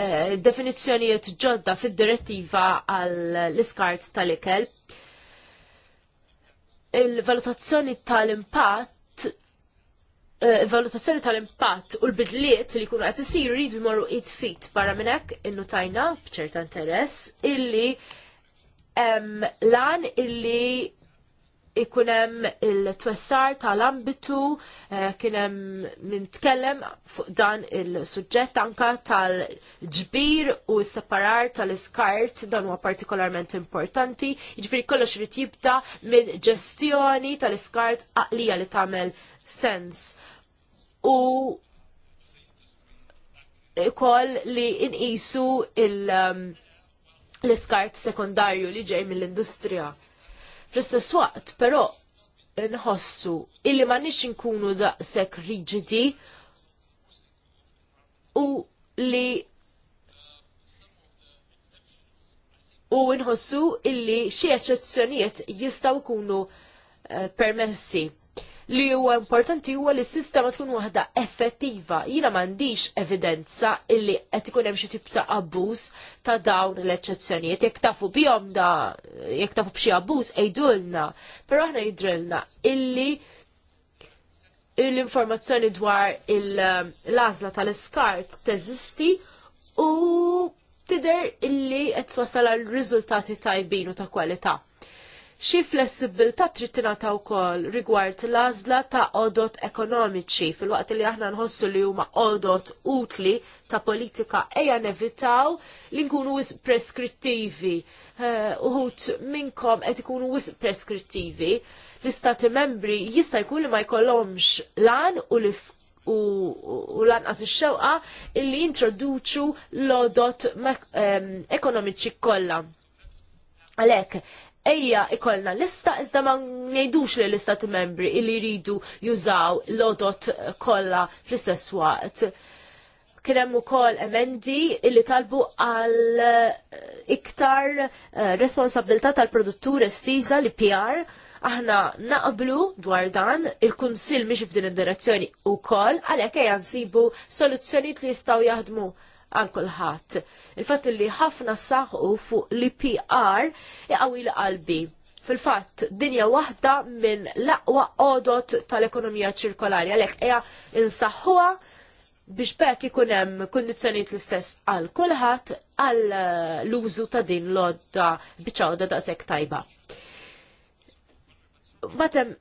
eh, definizzjonijiet ġodda fid-direttiva għall-iskart tal-ikel. Il-valutazzjoni tal-impatt Eh, valutazzjoni tal-impatt u l-bidliet li kunu għat isiru jridu jmorru it-fit barra minnek innu tajna bċerta interess illi lan illi ikunem il-twessar tal-ambitu eh, kienem minn tkellem fuq dan il-sujġett anka tal-ġbir u separar tal-iskart dan huwa partikolarment importanti jiġifieri kollox irid jibda minn ġestjoni tal-iskart aqlija li tagħmel sens u kol li inqisu um, l-iskart sekundarju li ġej mill-industrija. Fl-istess waqt, però, nħossu illi ma nix nkunu daqshekk rigidi u li u nħossu illi xie eċezzjonijiet jistaw kunu eh, permessi li huwa importanti huwa li s-sistema tkun waħda effettiva. Jiena m'għandix evidenza illi qed ikun hemm xi tip ta' abbuż ta' dawn l-eċċezzjonijiet. Jekk tafu bihom da jekk tafu b'xi abbuż ejdulna, però aħna jidrilna illi l-informazzjoni dwar l-għażla tal-iskart teżisti u tider illi qed wasal għal riżultati tajbin u ta' kwalità xi flessibilità trid tingħata wkoll rigward l-għażla ta' odot ekonomiċi fil-waqt li aħna nħossu li huma odot utli ta' politika ejja nevitaw li nkunu wis preskrittivi. Eh, uħut minnkom qed ikunu wis preskrittivi. L-istati membri jista' jkun li ma jkollhomx lan u l u, lanqas ix-xewqa illi jintroduċu l-odot ekonomiċi kollha. Għalek, ejja ikollna lista iżda ma ngħidux li l-istati membri li jridu jużaw l-odot kollha fl-istess waqt. Kien hemm ukoll emendi li talbu għal eh, iktar eh, responsabilità tal-produttur estiża li PR aħna naqblu dwar dan il-kunsil miex f'din id-direzzjoni u koll għalhekk ejja nsibu soluzzjonijiet li jistgħu jaħdmu għal kulħadd. il fat li ħafna saħu fuq l-PR iqawi l-qalbi. Fil-fatt, dinja waħda minn l-aqwa qodot tal-ekonomija ċirkolari, għalhekk hija insaħħuha biex bekk ikun hemm kundizzjonijiet l-istess għal kulħadd għal eh, l-użu ta' din l-odda biċċa odda daqshekk tajba. Matem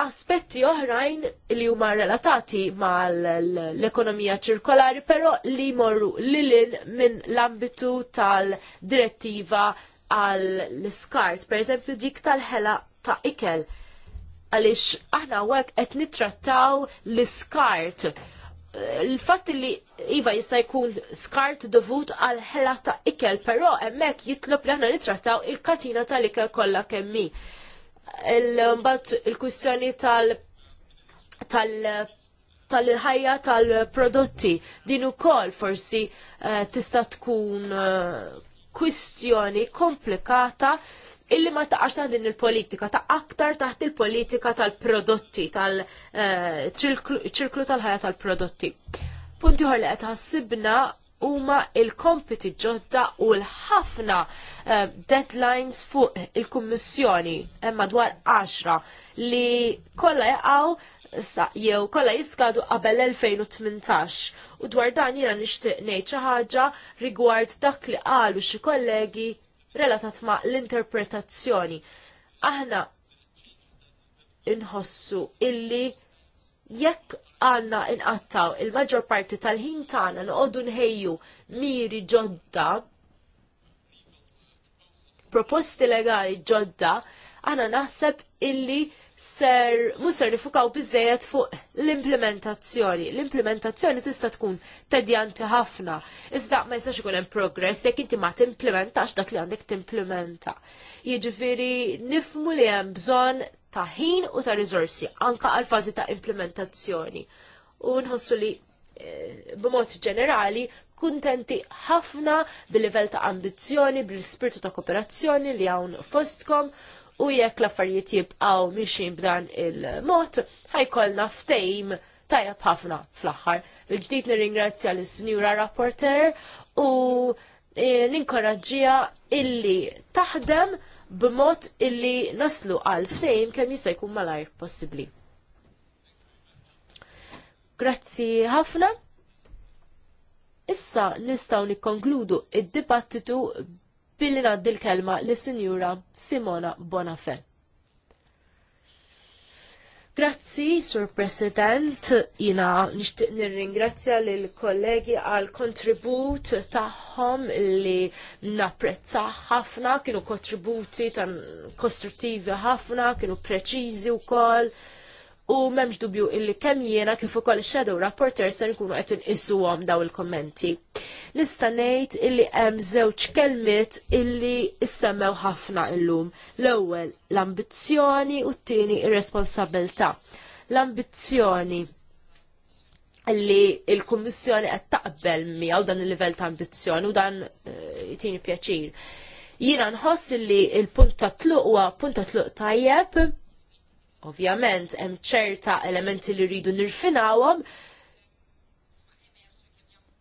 aspetti oħrajn li huma relatati mal-ekonomija ċirkolari, però li morru lilin minn l-ambitu tal-direttiva għall-iskart, per eżempju dik tal-ħela ta' ikel. Għalix aħna għek qed nitrattaw l-iskart. Il-fatt li Iva jista' jkun skart dovut għal ħela ta' ikel, però hemmhekk jitlob li aħna nitrattaw il-katina tal-ikel kollha kemmi il-mbagħad il-kwistjoni tal- tal- tal-ħajja tal-prodotti. Din ukoll forsi eh, tista' tkun eh, kwistjoni komplikata illi ma taqax ta' din il-politika, ta' aktar taħt il-politika tal-prodotti, tal-ċirklu eh, tal-ħajja tal-prodotti. Punti ħor li qed ħassibna huma il-kompiti ġodda u l-ħafna uh, deadlines fuq il-Kummissjoni hemm dwar 10 li kollha jaqgħu sa jew kollha jiskadu qabel 2018 u dwar dan jiena nixtieq ngħid xi ħaġa rigward dak li qalu xi kollegi relatat ma' l-interpretazzjoni. Aħna inħossu illi jekk għanna inqattaw il-maġġor parti tal-ħin tagħna noqogħdu nħejju miri ġodda proposti legali ġodda għana naħseb illi ser, musser nifukaw bizzejet fuq l-implementazzjoni. L-implementazzjoni tista' tkun tedjanti ħafna. Iżda ma jistax ikun hemm progress jekk inti ma timplementax dak li għandek timplementa. Jiġifieri nifmu li hemm bżonn ta' ħin u ta' riżorsi anka għal fażi ta' implementazzjoni. U nħossu li eh, b'mod ġenerali kuntenti ħafna bil-livell ta' ambizzjoni, bil-spirtu ta' kooperazzjoni li hawn fostkom u jekk l-affarijiet jibqaw mixin b'dan il-mod, ħajkollna ftejm tajab ħafna fl-axħar. Il-ġdid nirringrazzja l-Sinjura Rapporter u e, ninkoraġġija illi taħdem b'mod illi naslu għal ftejm kemm jista' jkun malajr possibbli. Grazzi ħafna. Issa nistgħu nikkonkludu id-dibattitu billi naddi l-kelma lis-Sinjura Simona Bonafè. Grazzi, Sur President, jina nishtiq nirringrazzja l kollegi għal kontribut tagħhom li napprezza ħafna, kienu kontributi tan kostruttivi ħafna, kienu preċiżi wkoll. koll u memx dubju illi kemm jiena kif ukoll shadow rapporter se nkunu qed għom daw il-kommenti. Nista' ngħid illi hemm żewġ kelmiet illi issemmew ħafna illum. L-ewwel l-ambizzjoni u t-tieni ir-responsabilità. L-ambizzjoni illi il-Kummissjoni qed taqbel miegħu dan il-livell ta' ambizzjoni u dan jtini eh, pjaċir. Jiena nħoss li il-punt ta' tluq huwa punt tluq tajjeb Ovvjament, hemm ċerta elementi li rridu nirfinawhom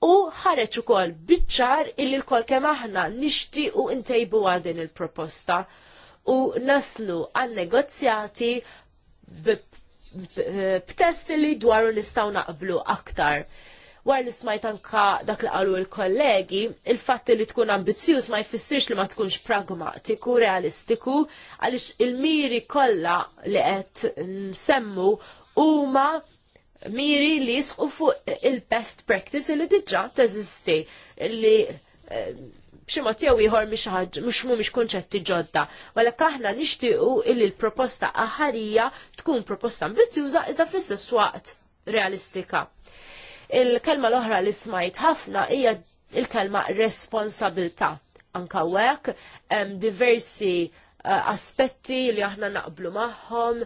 u ħareġ ukoll biċċar illi l-kol kemm aħna nixtiequ ntejbu din il-proposta u naslu għan negozjati b'test li dwaru nistgħu naqblu aktar war li smajt anka dak li qalu l-kollegi, il-fatt li tkun ambizjuż ma jfissirx li ma tkunx pragmatiku, realistiku, għaliex il-miri kollha li qed nsemmu huma miri li jisqu fuq il-best practice li diġà teżisti li eh, b'ximot jew ieħor mhux mhumiex kunċetti ġodda. Walek aħna nixtiequ illi l-proposta aħarija tkun proposta ambizjuża iżda fl-istess waqt realistika. Il-kelma l-oħra li smajt ħafna hija il-kelma responsabilta. Anka wek, diversi uh, aspetti li aħna naqblu maħħom,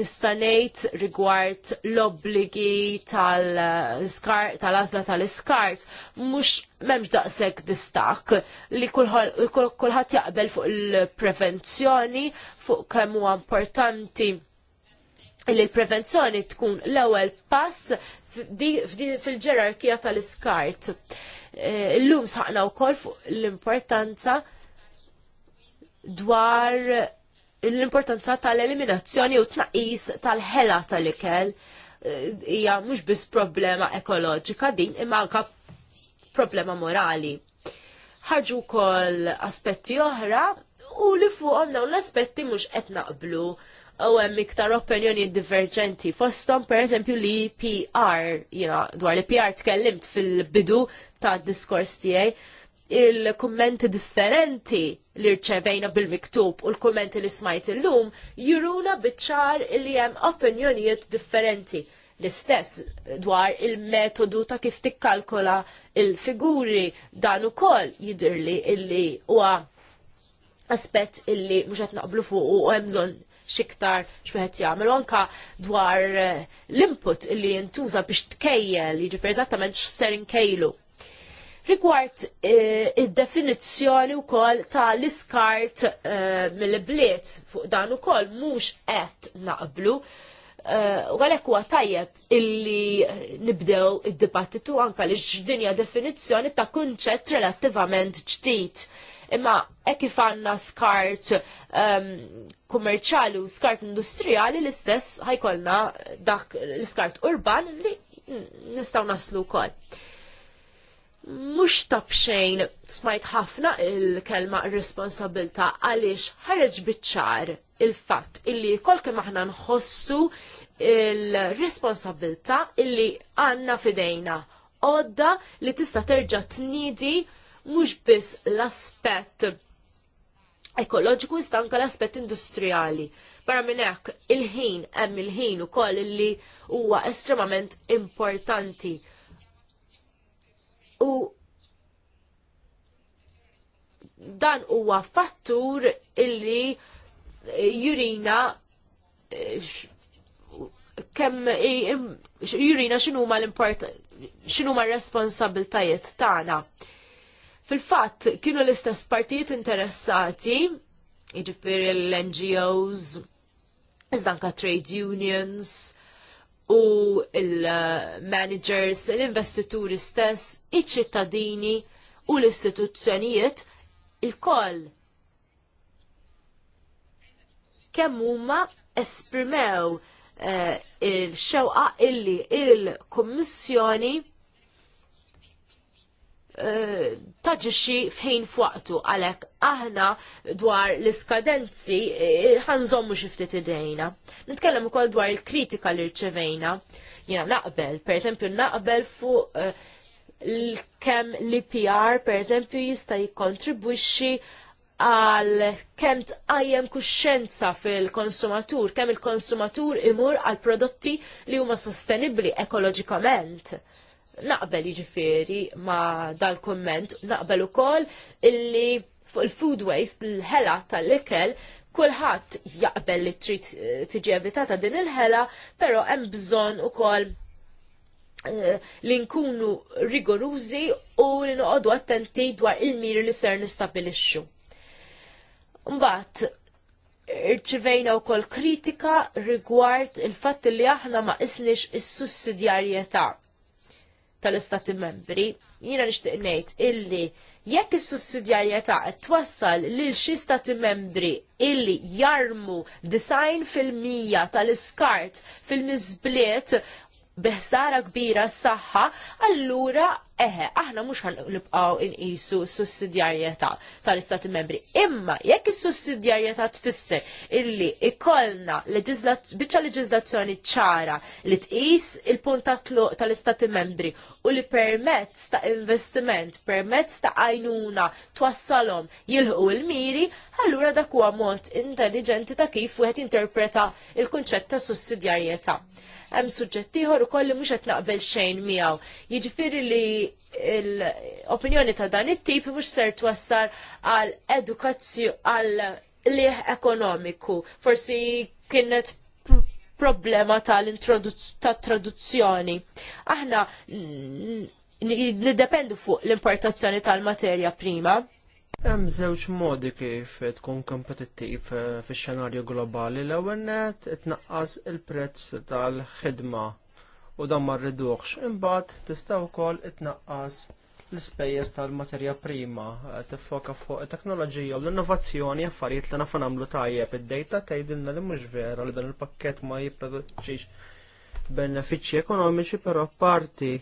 nistanejt rigward l-obligi tal-azla tal eh, tal-iskart, mux memx daqseg distak li kullħat jaqbel fuq il-prevenzjoni, fuq kemm huwa importanti li l-prevenzjoni tkun l-ewwel pass fil-ġerarkija tal-iskart. E, illum saqna wkoll fuq l-importanza dwar l-importanza tal-eliminazzjoni u tnaqis tal-ħela tal-ikel e, hija mhux biss problema ekoloġika din imma anke problema morali. Ħarġu wkoll aspetti oħra u li fuqhom dawn l-aspetti mhux qed naqblu u hemm iktar opinjoni diverġenti fosthom pereżempju li PR, jina, dwar li PR tkellimt fil-bidu ta' diskors tiegħi, il-kummenti differenti li rċevejna bil-miktub u l-kummenti li smajt illum juruna biċċar li hemm opinjonijiet differenti l-istess dwar il-metodu ta' kif tikkalkola il-figuri dan ukoll jidirli illi huwa aspett illi mhux qed naqblu fuq u hemm xiktar xmeħet jgħamil, anka dwar eh, l-input li jintuża biex tkejjel, jġifir eżattament x'ser inkejlu. Rigward eh, id-definizzjoni u kol ta' l-iskart eh, mill-bliet fuq dan u kol mux qed naqblu, u għalek huwa tajjeb illi nibdew id-dibattitu anka li x'dinja definizzjoni ta' kunċett relattivament ġdid imma hekk kif għandna skart ehm, kummerċali u skart industrijali l-istess ħajkolna dak l-skart urban li nistgħu naslu wkoll. Mhux tabxejn smajt ħafna il-kelma responsabilta għaliex ħareġ biċ-ċar il-fatt illi kol kem aħna nħossu il-responsabilta illi għanna fidejna odda li tista' terġa' tniedi mhux biss l-aspett ekoloġiku iżda anke l-aspett industrijali. Barra minn hekk il-ħin hemm il-ħin ukoll li huwa estremament importanti. U dan huwa fattur illi jurina eh, kemm jurina x'inhuma l-import x'inhuma r-responsabiltajiet tagħna. Ta Fil-fatt, kienu l-istess partijiet interessati, iġifir l-NGOs, iżdanka trade unions, u il-managers, l-investituri stess, iċ-ċittadini u l-istituzzjonijiet il-koll. Kemm huma esprimew eh, il Eh, taġiċi fħin fuqtu għalek aħna dwar l-iskadenzi eh, ħanżommu xiftit idejna. Nitkellem ukoll dwar il-kritika li rċevejna. Jiena naqbel, per naqbel fuq eh, l-kem l-PR per jista' jikkontribwixxi għal kem tqajjem kuxenza fil-konsumatur, kemm il-konsumatur imur għal prodotti li huma sostenibbli ekoloġikament naqbel iġifiri ma dal-komment, naqbel ukoll illi fuq il-food waste, l-ħela tal-ikel, kulħadd jaqbel li trid eh, tiġi evitata din il-ħela, però hemm bżonn ukoll eh, li nkunu rigorużi u li noqogħdu attenti dwar il-miri li ser nistabilixxu. Mbagħad irċivejna u kol kritika rigward il-fatt li aħna ma isniex is-sussidjarjetà tal-Istati membri, jina nixtieq ngħid illi jekk is-sussidjarjetà qed twassal lil xi Stati membri illi jarmu design fil-mija tal-iskart fil-miżbliet beħsara kbira s-saħħa, allura eħe, aħna mhux ħan nibqgħu s sussidjarjetà tal-Istati Membri. Imma jekk is-sussidjarjetà tfisser illi ikollna biċċa leġiżlazzjoni ċara li tqis il puntat tal-Istati Membri u li permezz ta' investiment, permezz ta' għajnuna twassalhom jilħu il miri allura dak huwa mod intelligenti ta' kif wieħed interpreta il-kunċett ta' sussidjarjetà hemm suġġett ieħor ukoll li mhux qed naqbel xejn miegħu. Jiġifieri li l-opinjoni ta' dan it-tip mhux ser twassal għal edukazzju għal liħ ekonomiku. Forsi kienet problema tal-traduzzjoni. Aħna nidependu fuq l-importazzjoni tal-materja prima Hemm żewġ modi kif tkun kompetittiv eh, fix-xenarju globali l ewwel net tnaqqas il-prezz tal-ħidma u dan ma rridux. Imbagħad tista' wkoll itnaqqas l-ispejjeż tal-materja prima eh, tiffoka fuq it-teknoloġija u l-innovazzjoni affarijiet li nafu nagħmlu tajjeb id-dejta tgħidilna li mhux vera li dan il-pakkett ma jipproduċix benefiċċji ekonomiċi però parti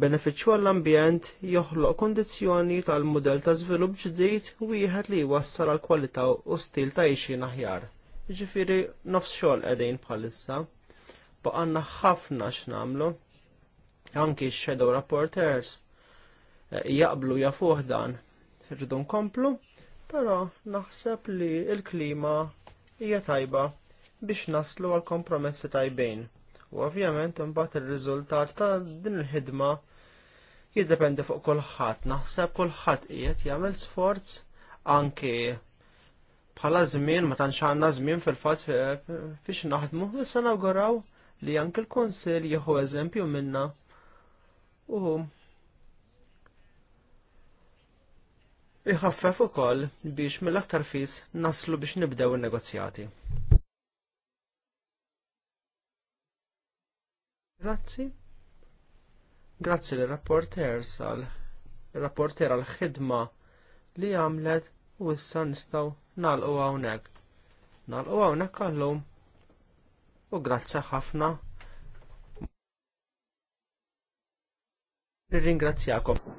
benefiċċju għall-ambjent joħloq kondizzjoni tal-mudell ta' żvilupp ġdid wieħed li jwassal għal kwalità u stil ta' ixin aħjar. Ġifieri nofs xogħol qegħdin bħalissa. ba għandna ħafna x'namlu. Anki x-shadow rapporters eh, jaqblu jafuh dan. Rridu nkomplu, però naħseb li l klima hija tajba biex naslu għal kompromessi tajbejn. U ovvjament imbagħad ir-riżultat ta' din il-ħidma jiddependi fuq kulħadd. Naħseb kulħadd qiegħed jagħmel sforz anke bħala żmien ma tantx għandna żmien fil-fatt fiex naħdmu, issa nawguraw li anke l-Kunsill jieħu eżempju minna. U iħaffef ukoll biex mill-aktar fis naslu biex nibdew in-negozjati. Grazzi. Grazzi l rapporter sal rapporter għal ħidma li għamlet u issa nistgħu nagħlqu hawnhekk. Nagħlqu hawnhekk għallum u grazzi ħafna. Nirringrazzjakom.